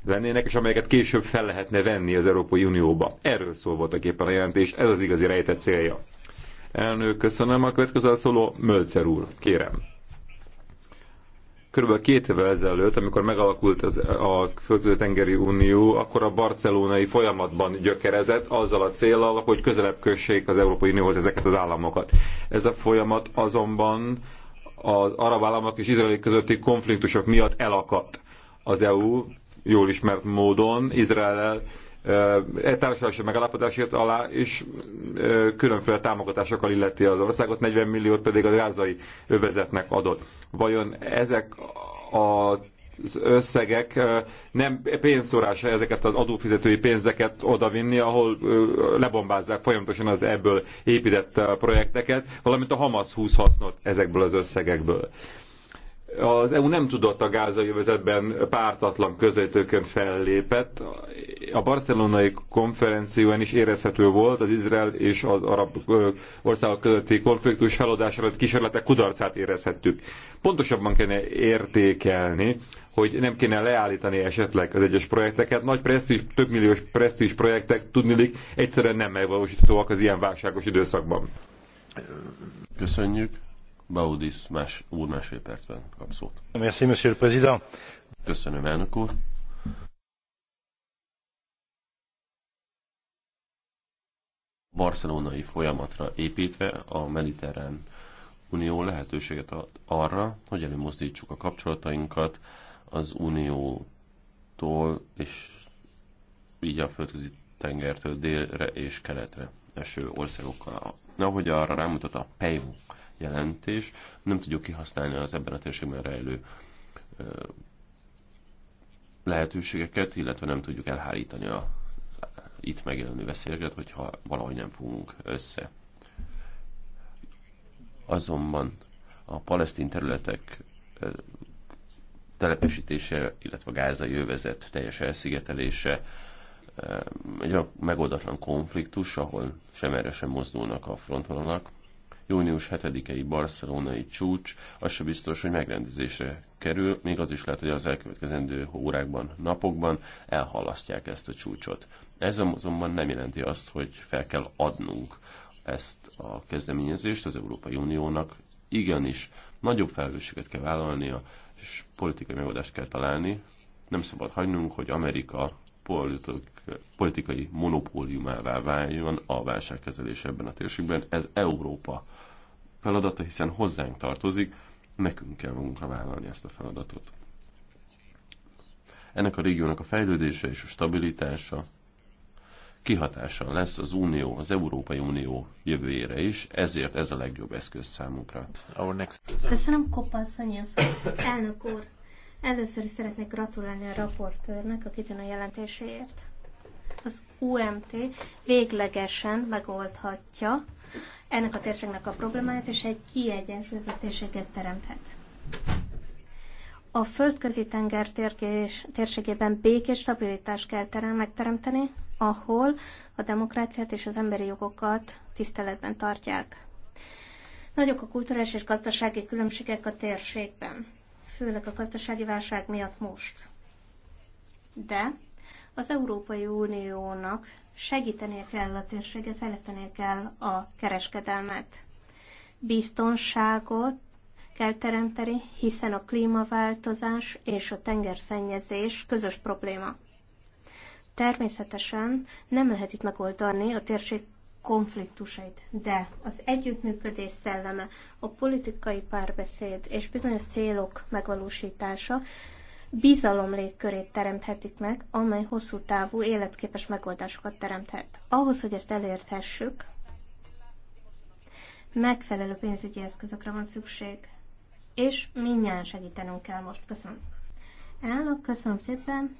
lennének, és amelyeket később fel lehetne venni az Európai Unióba. Erről szól voltak éppen a jelentés, ez az igazi rejtett célja. Elnök, köszönöm. A következő szóló Mölcer úr, kérem kb. két évvel ezelőtt, amikor megalakult az, a Földtengeri Unió, akkor a barcelonai folyamatban gyökerezett azzal a célral, hogy közelebb kössék az Európai Unióhoz ezeket az államokat. Ez a folyamat azonban az arab államok és izraeli közötti konfliktusok miatt elakadt. Az EU jól ismert módon Izrael E társadalmi megállapodásért alá, és különféle támogatásokkal illeti az országot, 40 milliót pedig a gázai övezetnek adott. Vajon ezek a az összegek nem pénzszórása ezeket az adófizetői pénzeket odavinni, ahol lebombázzák folyamatosan az ebből épített projekteket, valamint a Hamas húz hasznot ezekből az összegekből az EU nem tudott a gázai övezetben pártatlan közvetőként fellépett. A barcelonai konferención is érezhető volt az Izrael és az arab országok közötti konfliktus feloldására kísérletek kudarcát érezhettük. Pontosabban kéne értékelni, hogy nem kéne leállítani esetleg az egyes projekteket. Nagy presztízs, több milliós presztízs projektek tudnilik egyszerűen nem megvalósíthatóak az ilyen válságos időszakban. Köszönjük. Baudis más, úr másfél percben kap szót. Merci, monsieur le président. Köszönöm, elnök úr. barcelonai folyamatra építve a mediterrán unió lehetőséget ad arra, hogy előmozdítsuk a kapcsolatainkat az uniótól, és így a földközi tengertől délre és keletre eső országokkal. Ahogy arra rámutat a PEU jelentés. Nem tudjuk kihasználni az ebben a térségben rejlő lehetőségeket, illetve nem tudjuk elhárítani a itt megjelenő veszélyeket, hogyha valahogy nem fogunk össze. Azonban a palesztin területek telepesítése, illetve a gázai övezet teljes elszigetelése egy olyan megoldatlan konfliktus, ahol sem erre sem mozdulnak a frontvonalak június 7-i barcelonai csúcs, az se biztos, hogy megrendezésre kerül, még az is lehet, hogy az elkövetkezendő órákban, napokban elhalasztják ezt a csúcsot. Ez azonban nem jelenti azt, hogy fel kell adnunk ezt a kezdeményezést az Európai Uniónak. Igenis, nagyobb felelősséget kell vállalnia, és politikai megoldást kell találni. Nem szabad hagynunk, hogy Amerika politikai monopóliumává váljon a válságkezelés ebben a térségben. Ez Európa feladata, hiszen hozzánk tartozik, nekünk kell magunkra vállalni ezt a feladatot. Ennek a régiónak a fejlődése és a stabilitása kihatása lesz az Unió, az Európai Unió jövőjére is, ezért ez a legjobb eszköz számunkra. Köszönöm, Kopászony, elnök úr! Először is szeretnék gratulálni a raportőrnek a kitűnő jelentéséért. Az UMT véglegesen megoldhatja ennek a térségnek a problémáját, és egy kiegyensúlyozott térséget teremthet. A földközi tenger térségében békés stabilitást kell terem megteremteni, ahol a demokráciát és az emberi jogokat tiszteletben tartják. Nagyok a kulturális és gazdasági különbségek a térségben főleg a gazdasági válság miatt most. De az Európai Uniónak segítenie kell a térséget, fejlesztenie kell a kereskedelmet. Biztonságot kell teremteni, hiszen a klímaváltozás és a tengerszennyezés közös probléma. Természetesen nem lehet itt megoldani a térség konfliktusait, de az együttműködés szelleme, a politikai párbeszéd és bizonyos célok megvalósítása bizalom légkörét teremthetik meg, amely hosszú távú életképes megoldásokat teremthet. Ahhoz, hogy ezt elérhessük, megfelelő pénzügyi eszközökre van szükség, és mindjárt segítenünk kell most. Köszönöm. Elnök, köszönöm szépen.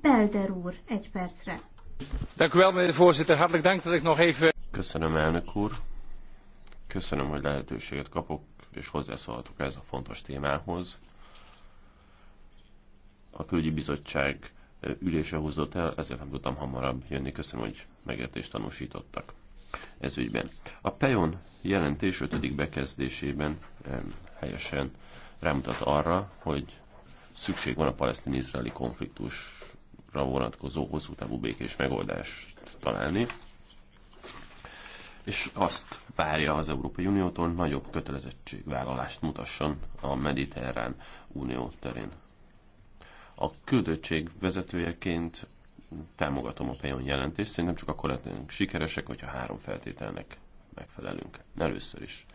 Belder úr, egy percre. Köszönöm, elnök úr. Köszönöm, hogy lehetőséget kapok, és hozzászólhatok ez a fontos témához. A külügyi bizottság ülése húzott el, ezért nem tudtam hamarabb jönni. Köszönöm, hogy megértést tanúsítottak ez ügyben. A Pejon jelentés 5. bekezdésében helyesen rámutat arra, hogy szükség van a palesztin-izraeli konfliktus vonatkozó hosszú távú békés megoldást találni. És azt várja az Európai Uniótól, nagyobb kötelezettségvállalást mutasson a Mediterrán Unió terén. A küldöttség vezetőjeként támogatom a Pejon jelentést, szerintem csak akkor lehetünk sikeresek, hogyha három feltételnek megfelelünk. Először is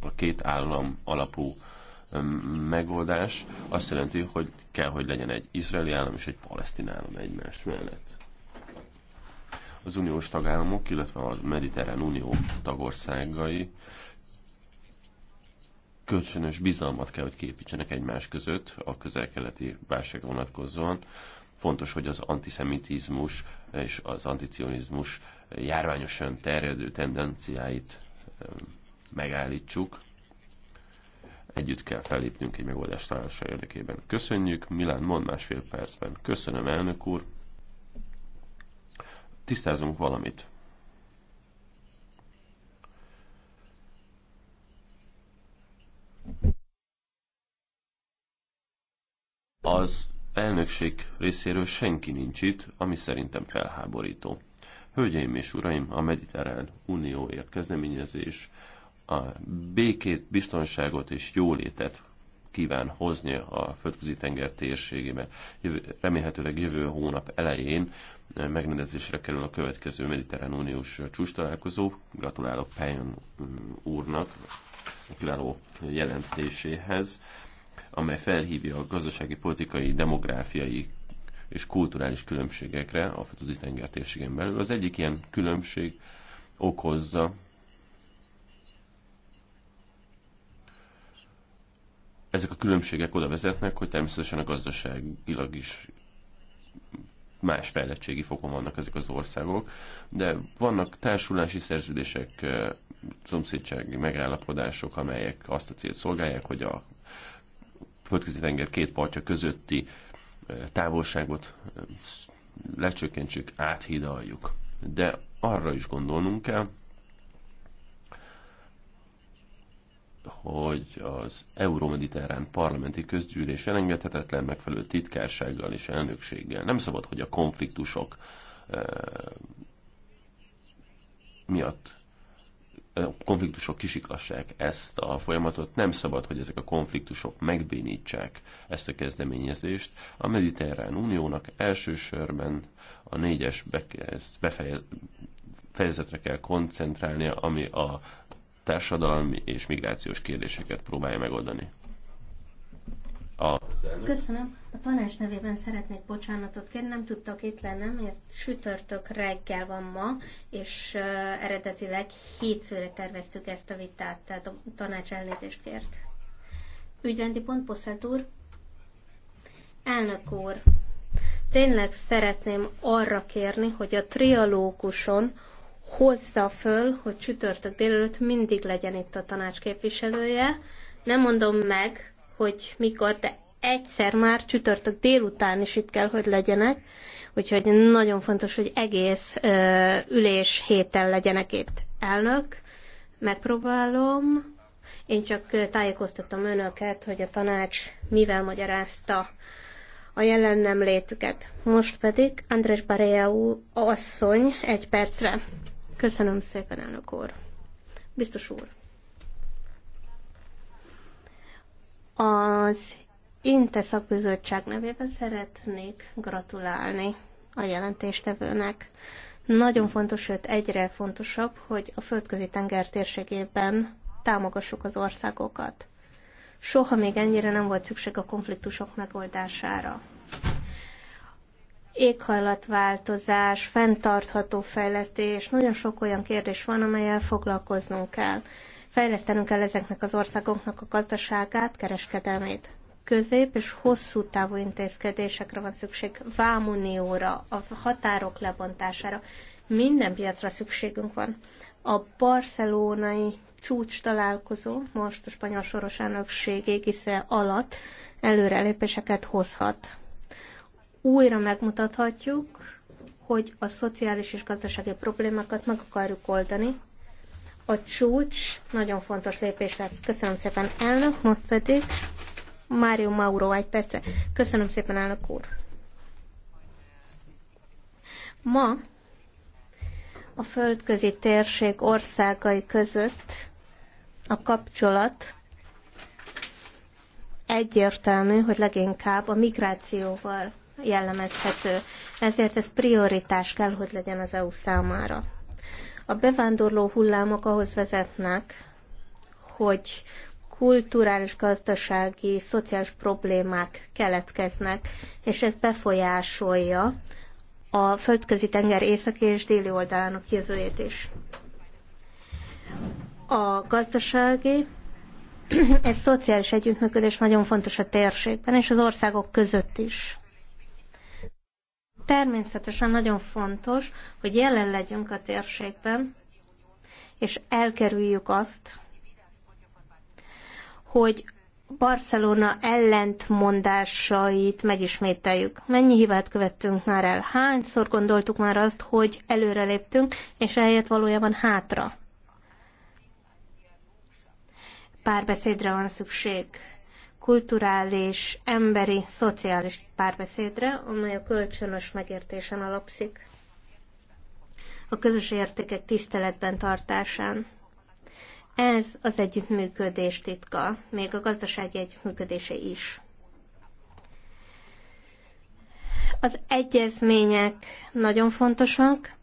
a két állam alapú megoldás azt jelenti, hogy kell, hogy legyen egy izraeli állam és egy palesztin állam egymás mellett. Az uniós tagállamok, illetve a Mediterrán Unió tagországai kölcsönös bizalmat kell, hogy képítsenek egymás között a közel-keleti válságra vonatkozóan. Fontos, hogy az antiszemitizmus és az anticionizmus járványosan terjedő tendenciáit megállítsuk együtt kell fellépnünk egy megoldás találása érdekében. Köszönjük, Milán, mond másfél percben. Köszönöm, elnök úr. Tisztázunk valamit. Az elnökség részéről senki nincs itt, ami szerintem felháborító. Hölgyeim és uraim, a Mediterrán Unióért kezdeményezés a békét, biztonságot és jólétet kíván hozni a földközi tenger térségébe. Jövő, remélhetőleg jövő hónap elején e, megrendezésre kerül a következő Mediterrán Uniós csúcs találkozó. Gratulálok Pájon mm, úrnak a kiváló jelentéséhez, amely felhívja a gazdasági, politikai, demográfiai és kulturális különbségekre a földközi tenger térségen belül. Az egyik ilyen különbség okozza Ezek a különbségek oda vezetnek, hogy természetesen a gazdaságilag is más fejlettségi fokon vannak ezek az országok, de vannak társulási szerződések, szomszédsági megállapodások, amelyek azt a célt szolgálják, hogy a földközi tenger két partja közötti távolságot lecsökkentsük, áthidaljuk. De arra is gondolnunk kell, hogy az Euromediterrán parlamenti közgyűlés elengedhetetlen megfelelő titkársággal és elnökséggel. Nem szabad, hogy a konfliktusok eh, miatt eh, konfliktusok kisiklassák ezt a folyamatot, nem szabad, hogy ezek a konfliktusok megbénítsák ezt a kezdeményezést. A Mediterrán Uniónak elsősorban a négyes befejezetre kell koncentrálnia, ami a társadalmi és migrációs kérdéseket próbálja megoldani. A... Köszönöm. A tanács nevében szeretnék bocsánatot kérni, nem tudtak itt lenni, mert sütörtök reggel van ma, és uh, eredetileg hétfőre terveztük ezt a vitát, tehát a tanács elnézést kért. Ügyrendi pont, Poszelt úr. Elnök úr, tényleg szeretném arra kérni, hogy a trialókuson hozza föl, hogy csütörtök délelőtt mindig legyen itt a tanács képviselője. Nem mondom meg, hogy mikor, de egyszer már csütörtök délután is itt kell, hogy legyenek, úgyhogy nagyon fontos, hogy egész ö, ülés héten legyenek itt elnök. Megpróbálom. Én csak tájékoztattam önöket, hogy a tanács mivel magyarázta a jelen nem létüket. Most pedig András Bareau asszony egy percre. Köszönöm szépen, elnök úr. Biztos úr. Az INTE szakbizottság nevében szeretnék gratulálni a jelentéstevőnek. Nagyon fontos, sőt egyre fontosabb, hogy a földközi tenger térségében támogassuk az országokat. Soha még ennyire nem volt szükség a konfliktusok megoldására éghajlatváltozás, fenntartható fejlesztés, nagyon sok olyan kérdés van, amelyel foglalkoznunk kell. Fejlesztenünk kell ezeknek az országoknak a gazdaságát, kereskedelmét. Közép és hosszú távú intézkedésekre van szükség, vámunióra, a határok lebontására. Minden piacra szükségünk van. A barcelonai csúcs találkozó most a spanyol soros elnökség égisze alatt előrelépéseket hozhat újra megmutathatjuk, hogy a szociális és gazdasági problémákat meg akarjuk oldani. A csúcs nagyon fontos lépés lesz. Köszönöm szépen, elnök, most pedig Mário Mauro, egy perce. Köszönöm szépen, elnök úr. Ma a földközi térség országai között a kapcsolat egyértelmű, hogy leginkább a migrációval jellemezhető, ezért ez prioritás kell, hogy legyen az EU számára. A bevándorló hullámok ahhoz vezetnek, hogy kulturális, gazdasági, szociális problémák keletkeznek, és ez befolyásolja a földközi tenger északi és déli oldalának jövőjét is. A gazdasági, ez szociális együttműködés nagyon fontos a térségben, és az országok között is természetesen nagyon fontos, hogy jelen legyünk a térségben, és elkerüljük azt, hogy Barcelona ellentmondásait megismételjük. Mennyi hibát követtünk már el? Hányszor gondoltuk már azt, hogy előreléptünk, és eljött valójában hátra? Párbeszédre van szükség kulturális, emberi, szociális párbeszédre, amely a kölcsönös megértésen alapszik, a közös értékek tiszteletben tartásán. Ez az együttműködés titka, még a gazdasági együttműködése is. Az egyezmények nagyon fontosak,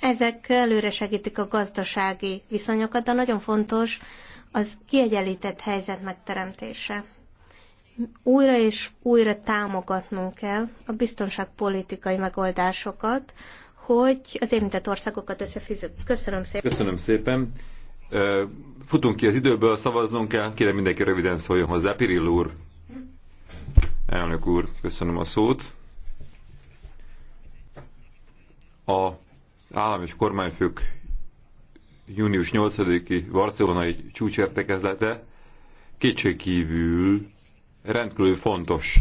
ezek előre segítik a gazdasági viszonyokat, de nagyon fontos az kiegyenlített helyzet megteremtése újra és újra támogatnunk kell a biztonságpolitikai megoldásokat, hogy az érintett országokat összefűzzük. Köszönöm szépen. Köszönöm szépen. Futunk ki az időből, szavaznunk kell. Kérem mindenki röviden szóljon hozzá. Piril úr. Elnök úr, köszönöm a szót. A állam és kormányfők június 8-i barcelonai csúcsértekezlete kétségkívül rendkívül fontos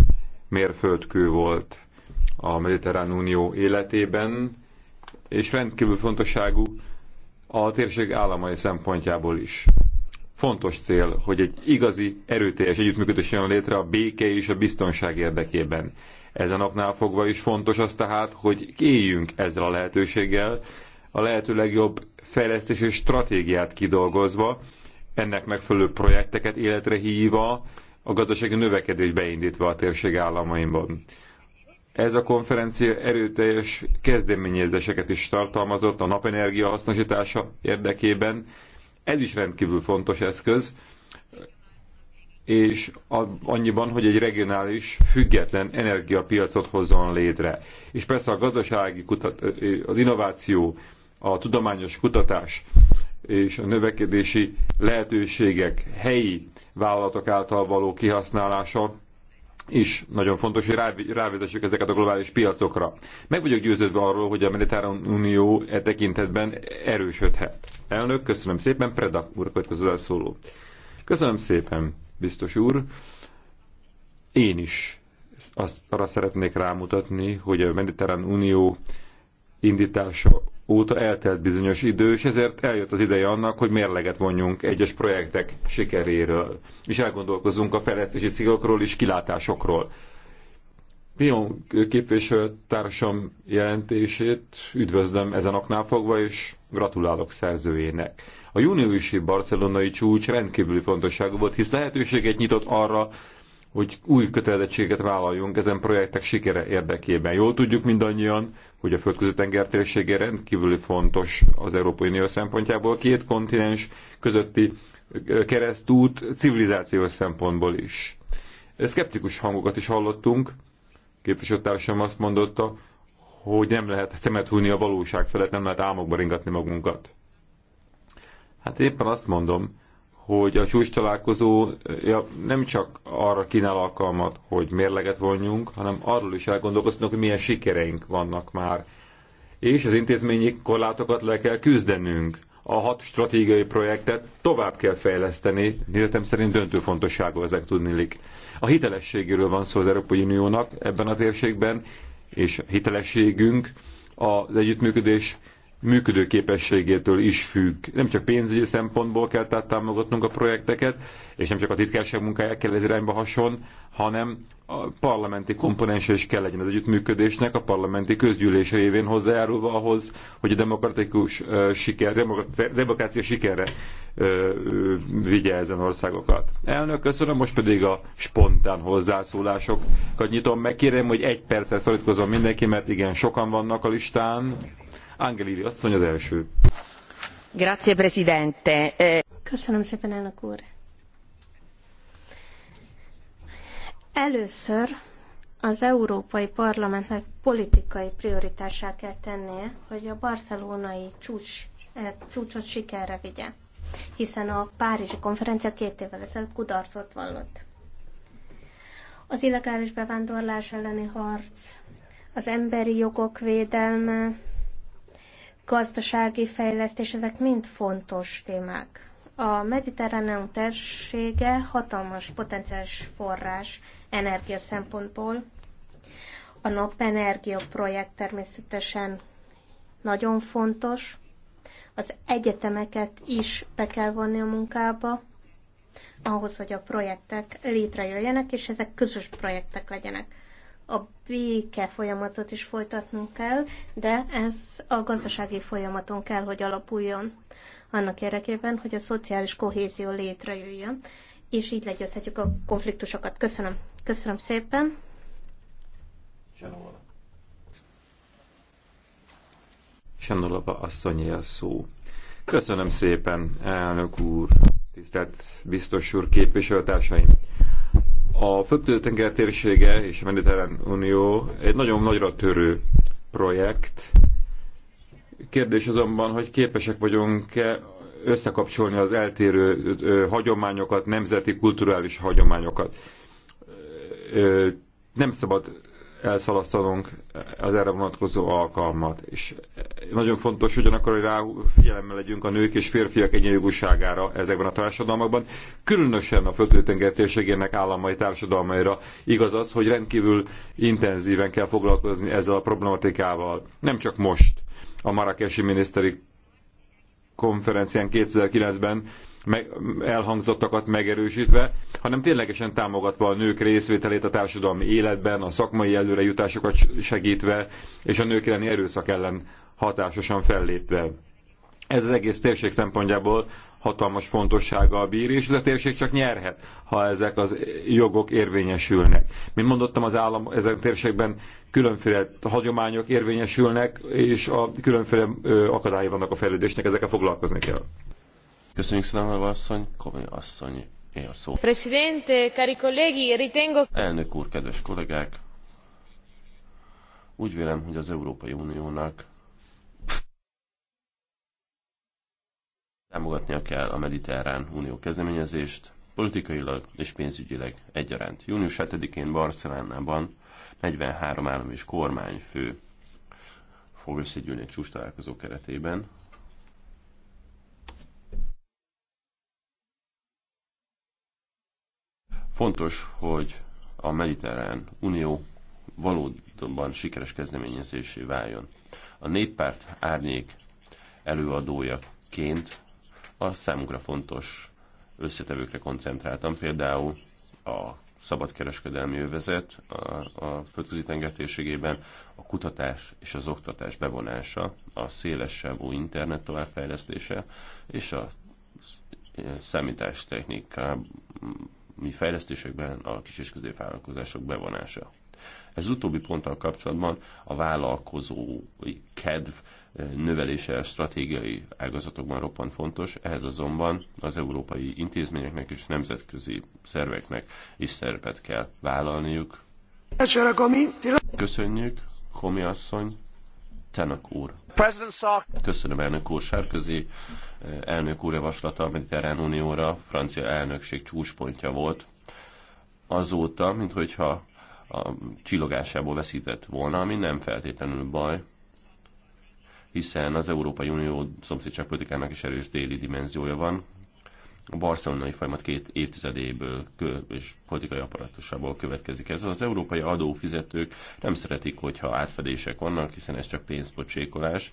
mérföldkő volt a Mediterrán Unió életében, és rendkívül fontosságú a térség államai szempontjából is. Fontos cél, hogy egy igazi, erőteljes együttműködés jön létre a béke és a biztonság érdekében. Ezen napnál fogva is fontos az tehát, hogy éljünk ezzel a lehetőséggel, a lehető legjobb fejlesztési stratégiát kidolgozva, ennek megfelelő projekteket életre hívva, a gazdasági növekedés beindítva a térség államaimban. Ez a konferencia erőteljes kezdeményezéseket is tartalmazott a napenergia hasznosítása érdekében. Ez is rendkívül fontos eszköz, és annyiban, hogy egy regionális, független energiapiacot hozzon létre. És persze a gazdasági kutat, az innováció, a tudományos kutatás és a növekedési lehetőségek helyi vállalatok által való kihasználása is nagyon fontos, hogy rávezessük ezeket a globális piacokra. Meg vagyok győződve arról, hogy a Mediterrán Unió e tekintetben erősödhet. Elnök, köszönöm szépen, Preda úr, következő szóló. Köszönöm szépen, biztos úr. Én is azt arra szeretnék rámutatni, hogy a Mediterrán Unió indítása óta eltelt bizonyos idő, és ezért eljött az ideje annak, hogy mérleget vonjunk egyes projektek sikeréről, és elgondolkozunk a fejlesztési ciklokról és kilátásokról. Pion képviselőtársam jelentését üdvözlöm ezen aknál fogva, és gratulálok szerzőjének. A júniusi barcelonai csúcs rendkívül fontosságú volt, hisz lehetőséget nyitott arra, hogy új kötelezettséget vállaljunk ezen projektek sikere érdekében. Jól tudjuk mindannyian, hogy a földközi tenger térsége rendkívül fontos az Európai Unió szempontjából, két kontinens közötti keresztút civilizációs szempontból is. Szkeptikus hangokat is hallottunk, képviselőtársam azt mondotta, hogy nem lehet szemet húni a valóság felett, nem lehet álmokba ringatni magunkat. Hát éppen azt mondom, hogy a csúcs találkozó ja, nem csak arra kínál alkalmat, hogy mérleget vonjunk, hanem arról is elgondolkoztunk, hogy milyen sikereink vannak már. És az intézményi korlátokat le kell küzdenünk. A hat stratégiai projektet tovább kell fejleszteni, életem szerint döntő fontosságú ezek tudnilik. A hitelességéről van szó az Európai Uniónak ebben a térségben, és a hitelességünk az együttműködés működőképességétől is függ. Nem csak pénzügyi szempontból kell tehát támogatnunk a projekteket, és nem csak a titkárság munkáját kell ez irányba hason, hanem a parlamenti komponens is kell legyen az együttműködésnek, a parlamenti közgyűlés révén hozzájárulva ahhoz, hogy a demokratikus siker, demokrácia sikerre vigye ezen országokat. Elnök, köszönöm, most pedig a spontán hozzászólásokat nyitom meg. Kérem, hogy egy percet szorítkozom mindenki, mert igen, sokan vannak a listán. Angelili asszony az első. Grazie, Presidente. Eh, Köszönöm szépen, elnök úr. Először az Európai Parlamentnek politikai prioritássá kell tennie, hogy a barcelonai csúcs, eh, csúcsot sikerre vigye, hiszen a Párizsi konferencia két évvel ezelőtt kudarcot vallott. Az illegális bevándorlás elleni harc, az emberi jogok védelme, gazdasági fejlesztés, ezek mind fontos témák. A mediterráneum térsége hatalmas potenciális forrás energia szempontból. A napenergia projekt természetesen nagyon fontos. Az egyetemeket is be kell vonni a munkába, ahhoz, hogy a projektek létrejöjjenek, és ezek közös projektek legyenek a béke folyamatot is folytatnunk kell, de ez a gazdasági folyamaton kell, hogy alapuljon annak érdekében, hogy a szociális kohézió létrejöjjön, és így legyőzhetjük a konfliktusokat. Köszönöm. Köszönöm szépen. Senolova. Senolova a szó. Köszönöm szépen, elnök úr, tisztelt biztos úr, képviselőtársaim. A földközi térsége és a Mediterrán Unió egy nagyon nagyra törő projekt. Kérdés azonban, hogy képesek vagyunk-e összekapcsolni az eltérő hagyományokat, nemzeti kulturális hagyományokat. Nem szabad elszalasztanunk az erre vonatkozó alkalmat. És nagyon fontos hogy akkor hogy rá figyelemmel legyünk a nők és férfiak egyenjogúságára ezekben a társadalmakban. Különösen a földtőtenger térségének államai társadalmaira igaz az, hogy rendkívül intenzíven kell foglalkozni ezzel a problematikával. Nem csak most a marakesi miniszteri konferencián 2009-ben meg, elhangzottakat megerősítve, hanem ténylegesen támogatva a nők részvételét a társadalmi életben, a szakmai előrejutásokat segítve, és a nők elleni erőszak ellen hatásosan fellépve. Ez az egész térség szempontjából hatalmas fontossággal bír, és a térség csak nyerhet, ha ezek az jogok érvényesülnek. Mint mondottam, az állam ezen térségben különféle hagyományok érvényesülnek, és a különféle akadályai vannak a fejlődésnek, ezekkel foglalkozni kell. Köszönjük Szenámlava asszony, Komi asszony, én a szó. Presidente, cari colleghi, ritengo... Elnök úr, kedves kollégák, úgy vélem, hogy az Európai Uniónak támogatnia kell a Mediterrán Unió kezdeményezést, politikailag és pénzügyileg egyaránt. Június 7-én Barcelonában 43 állam és kormányfő fog összegyűlni egy csúcs találkozó keretében, Fontos, hogy a Mediterrán Unió valóban sikeres kezdeményezésé váljon. A néppárt árnyék előadójaként a számunkra fontos összetevőkre koncentráltam, például a szabadkereskedelmi övezet a, a földközi tengertérségében, a kutatás és az oktatás bevonása, a új internet továbbfejlesztése és a számítástechnikában mi fejlesztésekben a kis és középvállalkozások bevonása. Ez utóbbi ponttal kapcsolatban a vállalkozói kedv eh, növelése a stratégiai ágazatokban roppant fontos, ehhez azonban az európai intézményeknek és nemzetközi szerveknek is szerepet kell vállalniuk. Köszönjük, Komi asszony! Tenök úr. Köszönöm elnök úr. Sárközi eh, elnök úr javaslata a Mediterrán Unióra francia elnökség csúcspontja volt. Azóta, minthogyha a csillogásából veszített volna, ami nem feltétlenül baj, hiszen az Európai Unió szomszédságpolitikának is erős déli dimenziója van, a barcelonai folyamat két évtizedéből és politikai apparatusából következik ez. Az európai adófizetők nem szeretik, hogyha átfedések vannak, hiszen ez csak pénzpocsékolás,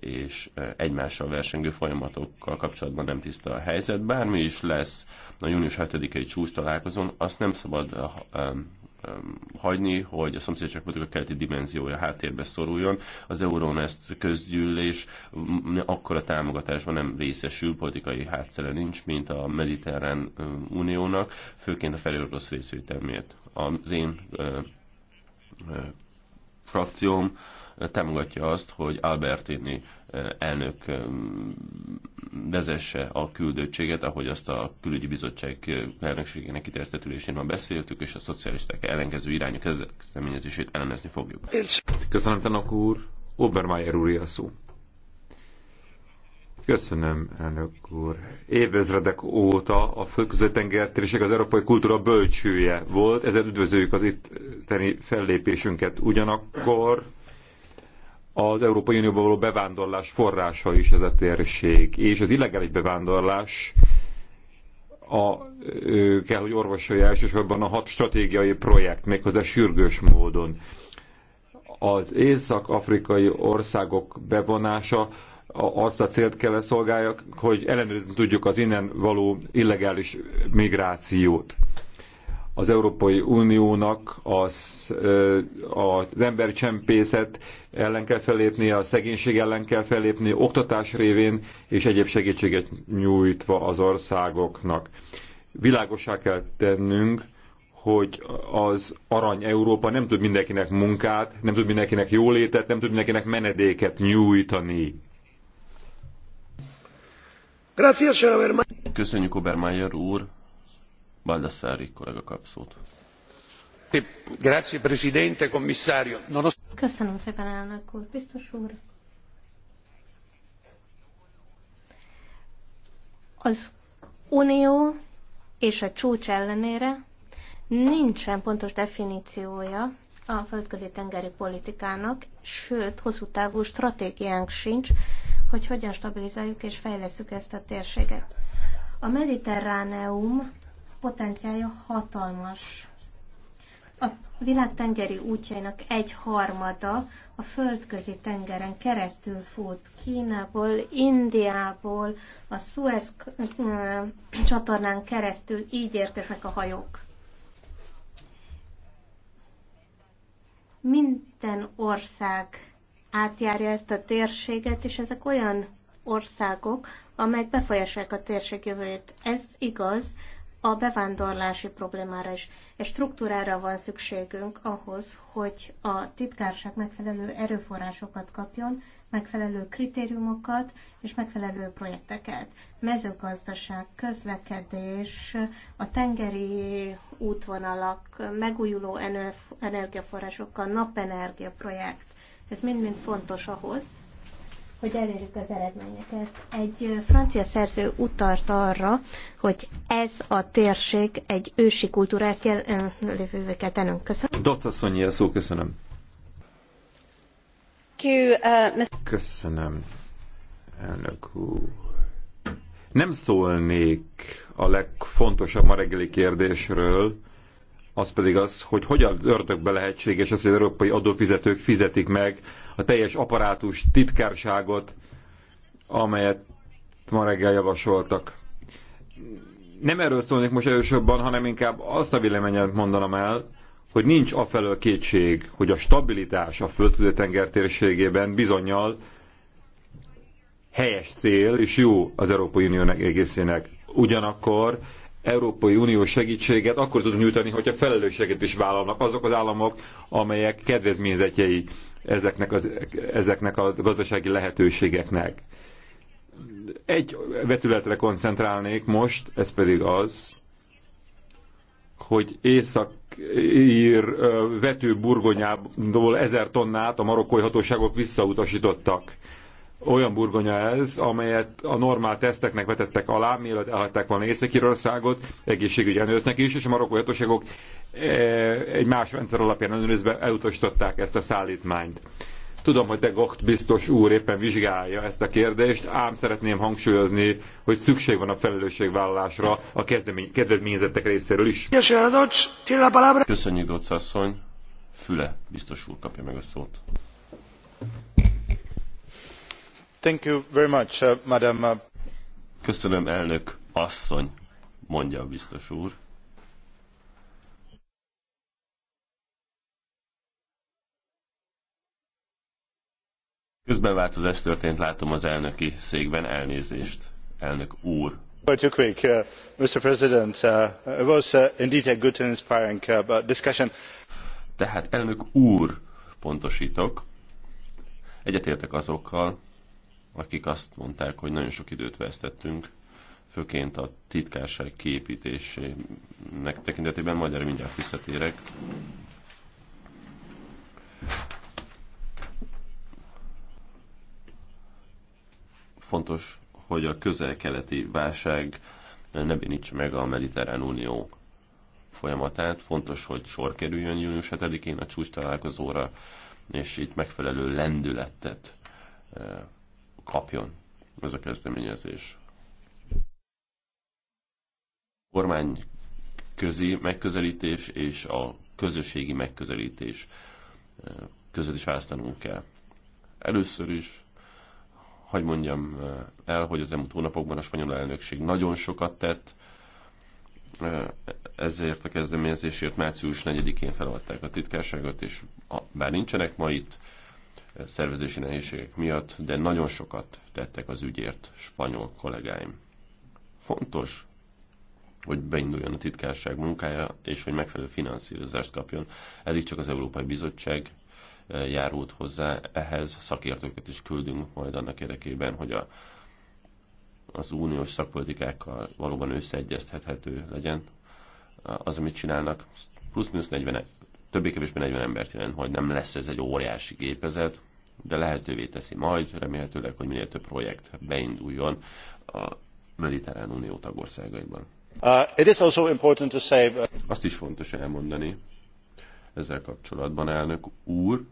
és e, egymással versengő folyamatokkal kapcsolatban nem tiszta a helyzet. Bármi is lesz a június 7-i csúcs találkozón, azt nem szabad hagyni, hogy a szomszédságpolitika keleti dimenziója háttérbe szoruljon. Az Euronest közgyűlés akkora támogatásban nem részesül, politikai hátszere nincs, mint a Mediterrán Uniónak, főként a felé orosz részvétel miatt. Az én ö, ö, frakcióm támogatja azt, hogy Albertini eh, elnök eh, vezesse a küldöttséget, ahogy azt a külügyi bizottság eh, elnökségének kiterjesztetülésén már beszéltük, és a szocialisták ellenkező irányú kezdeményezését ellenezni fogjuk. Köszönöm, Tanak úr. Obermeier úr a szó. Köszönöm, elnök úr. Évezredek óta a Földközötenger az európai kultúra bölcsője volt, ezért üdvözöljük az itteni fellépésünket. Ugyanakkor az Európai Unióba való bevándorlás forrása is ez a térség, és az illegális bevándorlás a, ő, kell, hogy orvosolja elsősorban a hat stratégiai projekt, méghozzá sürgős módon. Az észak-afrikai országok bevonása azt a célt kell -e szolgálja, hogy ellenőrizni tudjuk az innen való illegális migrációt az Európai Uniónak az, az embercsempészet ellen kell felépni, a szegénység ellen kell felépni, oktatás révén és egyéb segítséget nyújtva az országoknak. Világosá kell tennünk, hogy az arany Európa nem tud mindenkinek munkát, nem tud mindenkinek jólétet, nem tud mindenkinek menedéket nyújtani. Köszönjük, Obermeyer úr! Baldassari kollega kap szót. Grazie, Presidente, Commissario. Köszönöm szépen, elnök úr, biztos úr. Az unió és a csúcs ellenére nincsen pontos definíciója a földközi tengeri politikának, sőt, hosszú távú stratégiánk sincs, hogy hogyan stabilizáljuk és fejlesztjük ezt a térséget. A Mediterráneum potenciálja hatalmas. A világ tengeri útjainak egy harmada a földközi tengeren keresztül fut Kínából, Indiából, a Suez csatornán keresztül így érkeznek a hajók. Minden ország átjárja ezt a térséget, és ezek olyan országok, amelyek befolyásolják a térség jövőjét. Ez igaz a bevándorlási problémára is. Egy struktúrára van szükségünk ahhoz, hogy a titkárság megfelelő erőforrásokat kapjon, megfelelő kritériumokat és megfelelő projekteket. Mezőgazdaság, közlekedés, a tengeri útvonalak, megújuló energiaforrásokkal, napenergia projekt. Ez mind-mind fontos ahhoz, hogy elérjük az eredményeket. Egy francia szerző utart arra, hogy ez a térség egy ősi kultúra, ezt jel- kell tennünk. Köszönöm. Docasszonyi a szó, köszönöm. Uh, köszönöm, elnök úr. Nem szólnék a legfontosabb ma reggeli kérdésről, az pedig az, hogy hogyan ördögbe lehetséges az, hogy az európai adófizetők fizetik meg a teljes aparátus titkárságot, amelyet ma reggel javasoltak. Nem erről szólnék most elősorban, hanem inkább azt a véleményet mondanám el, hogy nincs afelől kétség, hogy a stabilitás a földközi tenger térségében bizonyal helyes cél és jó az Európai Unió egészének. Ugyanakkor Európai Unió segítséget akkor tudunk nyújtani, hogyha felelősséget is vállalnak azok az államok, amelyek kedvezményezetjei ezeknek, az, ezeknek a gazdasági lehetőségeknek. Egy vetületre koncentrálnék most, ez pedig az, hogy Észak-ír vetőburgonyából ezer tonnát a marokkói hatóságok visszautasítottak olyan burgonya ez, amelyet a normál teszteknek vetettek alá, mielőtt elhagyták volna Észak-Írországot, egészségügyi ellenőrznek is, és a marokkói hatóságok e, egy más rendszer alapján ellenőrizve elutasították ezt a szállítmányt. Tudom, hogy de Gocht biztos úr éppen vizsgálja ezt a kérdést, ám szeretném hangsúlyozni, hogy szükség van a felelősségvállalásra a kedvezményezettek részéről is. Köszönjük, Docz asszony. Füle biztos úr kapja meg a szót. Uh, uh, Köszönöm, elnök asszony, mondja a biztos úr. Közben változás történt, látom az elnöki székben elnézést, elnök úr. Too quick, uh, Mr. President, uh, it was uh, indeed a good and inspiring uh, discussion. Tehát elnök úr, pontosítok, egyetértek azokkal, akik azt mondták, hogy nagyon sok időt vesztettünk, főként a titkárság kiépítésének tekintetében, majd erre mindjárt visszatérek. Fontos, hogy a közel-keleti válság ne bénítsa meg a Mediterrán Unió folyamatát. Fontos, hogy sor kerüljön június 7-én a csúcs találkozóra, és itt megfelelő lendületet eh, kapjon ez a kezdeményezés. Kormány közi megközelítés és a közösségi megközelítés eh, között is választanunk kell. Először is, hogy mondjam eh, el, hogy az elmúlt hónapokban a spanyol elnökség nagyon sokat tett, eh, ezért a kezdeményezésért március 4-én feladták a titkárságot, és bár nincsenek ma itt, szervezési nehézségek miatt, de nagyon sokat tettek az ügyért spanyol kollégáim. Fontos, hogy beinduljon a titkárság munkája, és hogy megfelelő finanszírozást kapjon. Eddig csak az Európai Bizottság eh, járult hozzá, ehhez szakértőket is küldünk majd annak érdekében, hogy a, az uniós szakpolitikákkal valóban összeegyeztethető legyen az, amit csinálnak. Plusz-minusz 40 többé-kevésbé 40 embert jelent, hogy nem lesz ez egy óriási gépezet, de lehetővé teszi majd, remélhetőleg, hogy minél több projekt beinduljon a Mediterrán Unió tagországaiban. Uh, it is also important to say... Uh, Azt is fontos elmondani ezzel kapcsolatban, elnök úr,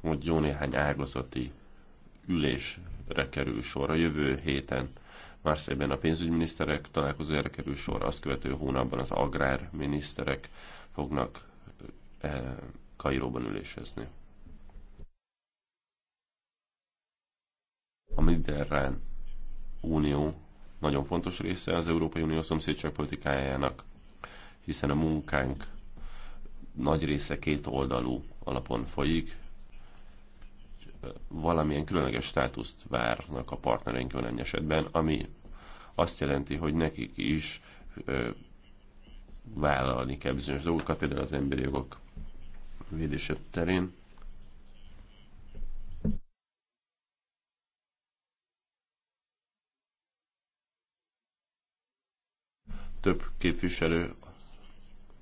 hogy jó néhány ágazati ülésre kerül sor a jövő héten Márszében a pénzügyminiszterek találkozójára kerül sor, azt követő hónapban az agrárminiszterek fognak e, Kairóban ülésezni. A Mediterrán Unió nagyon fontos része az Európai Unió szomszédságpolitikájának, hiszen a munkánk nagy része két oldalú alapon folyik, valamilyen különleges státuszt várnak a partnereink olyan esetben, ami azt jelenti, hogy nekik is vállalni kell bizonyos dolgokat, például az emberi jogok védése terén. Több képviselő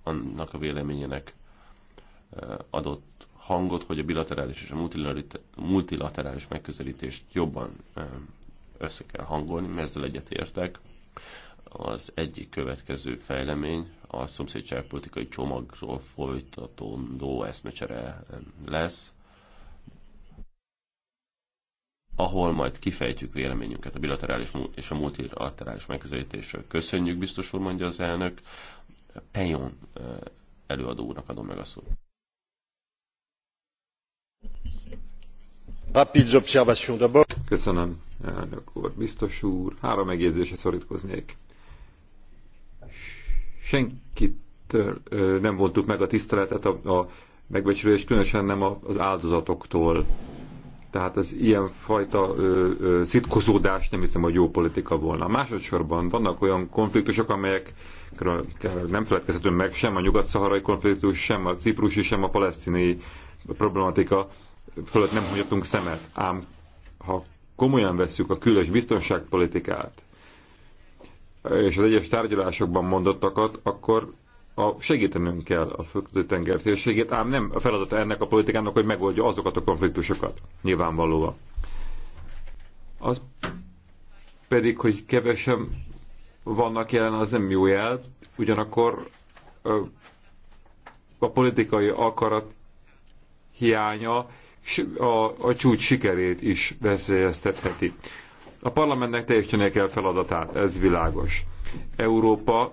annak a véleményének adott hangot, hogy a bilaterális és a multilaterális megközelítést jobban össze kell hangolni, ezzel egyetértek. Az egyik következő fejlemény a szomszédságpolitikai csomagról folytatandó eszmecsere lesz, ahol majd kifejtjük véleményünket a bilaterális és a multilaterális megközelítésről. Köszönjük, biztos úr, mondja az elnök. Pejon előadó úrnak adom meg a szót. rapides observations d'abord. Köszönöm, elnök úr, biztos úr. Három megjegyzésre szorítkoznék. Senkitől nem vontuk meg a tiszteletet, a, a megbecsülést, különösen nem az áldozatoktól. Tehát az ilyen fajta ö, szitkozódás nem hiszem, hogy jó politika volna. Másodszorban vannak olyan konfliktusok, amelyek nem feledkezhetünk meg sem a nyugat-szaharai konfliktus, sem a ciprusi, sem a palesztini problematika fölött nem hagyhatunk szemet. Ám ha komolyan vesszük a külös biztonságpolitikát, és az egyes tárgyalásokban mondottakat, akkor a, segítenünk kell a földközi tenger térségét, ám nem a feladata ennek a politikának, hogy megoldja azokat a konfliktusokat, nyilvánvalóan. Az pedig, hogy kevesen vannak jelen, az nem jó jel, ugyanakkor a politikai akarat hiánya a, a csúcs sikerét is veszélyeztetheti. A parlamentnek teljesítenie kell feladatát, ez világos. Európa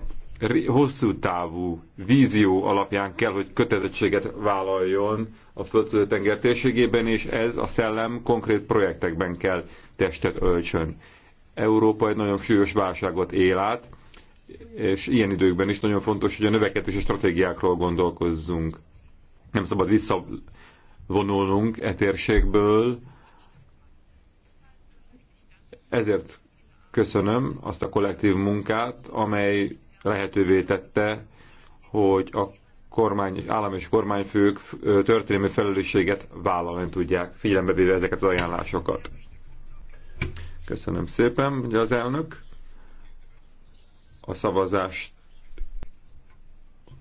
hosszú távú vízió alapján kell, hogy kötelezettséget vállaljon a földtenger térségében, és ez a szellem konkrét projektekben kell testet öltsön. Európa egy nagyon súlyos válságot él át, és ilyen időkben is nagyon fontos, hogy a növekedési stratégiákról gondolkozzunk. Nem szabad vissza vonulnunk e térségből. Ezért köszönöm azt a kollektív munkát, amely lehetővé tette, hogy a kormány, állam és kormányfők történelmi felelősséget vállalni tudják, figyelembe véve ezeket az ajánlásokat. Köszönöm szépen, hogy az elnök a szavazást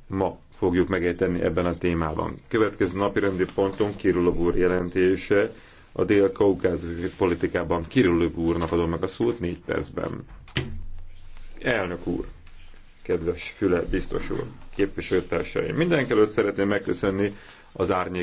ma fogjuk megérteni ebben a témában. Következő napi rendi ponton Kirillov úr jelentése a dél-kaukázusi politikában. Kirillov úrnak adom meg a szót négy percben. Elnök úr, kedves Füle biztos úr, képviselőtársaim, mindenkelőtt szeretném megköszönni az árnyék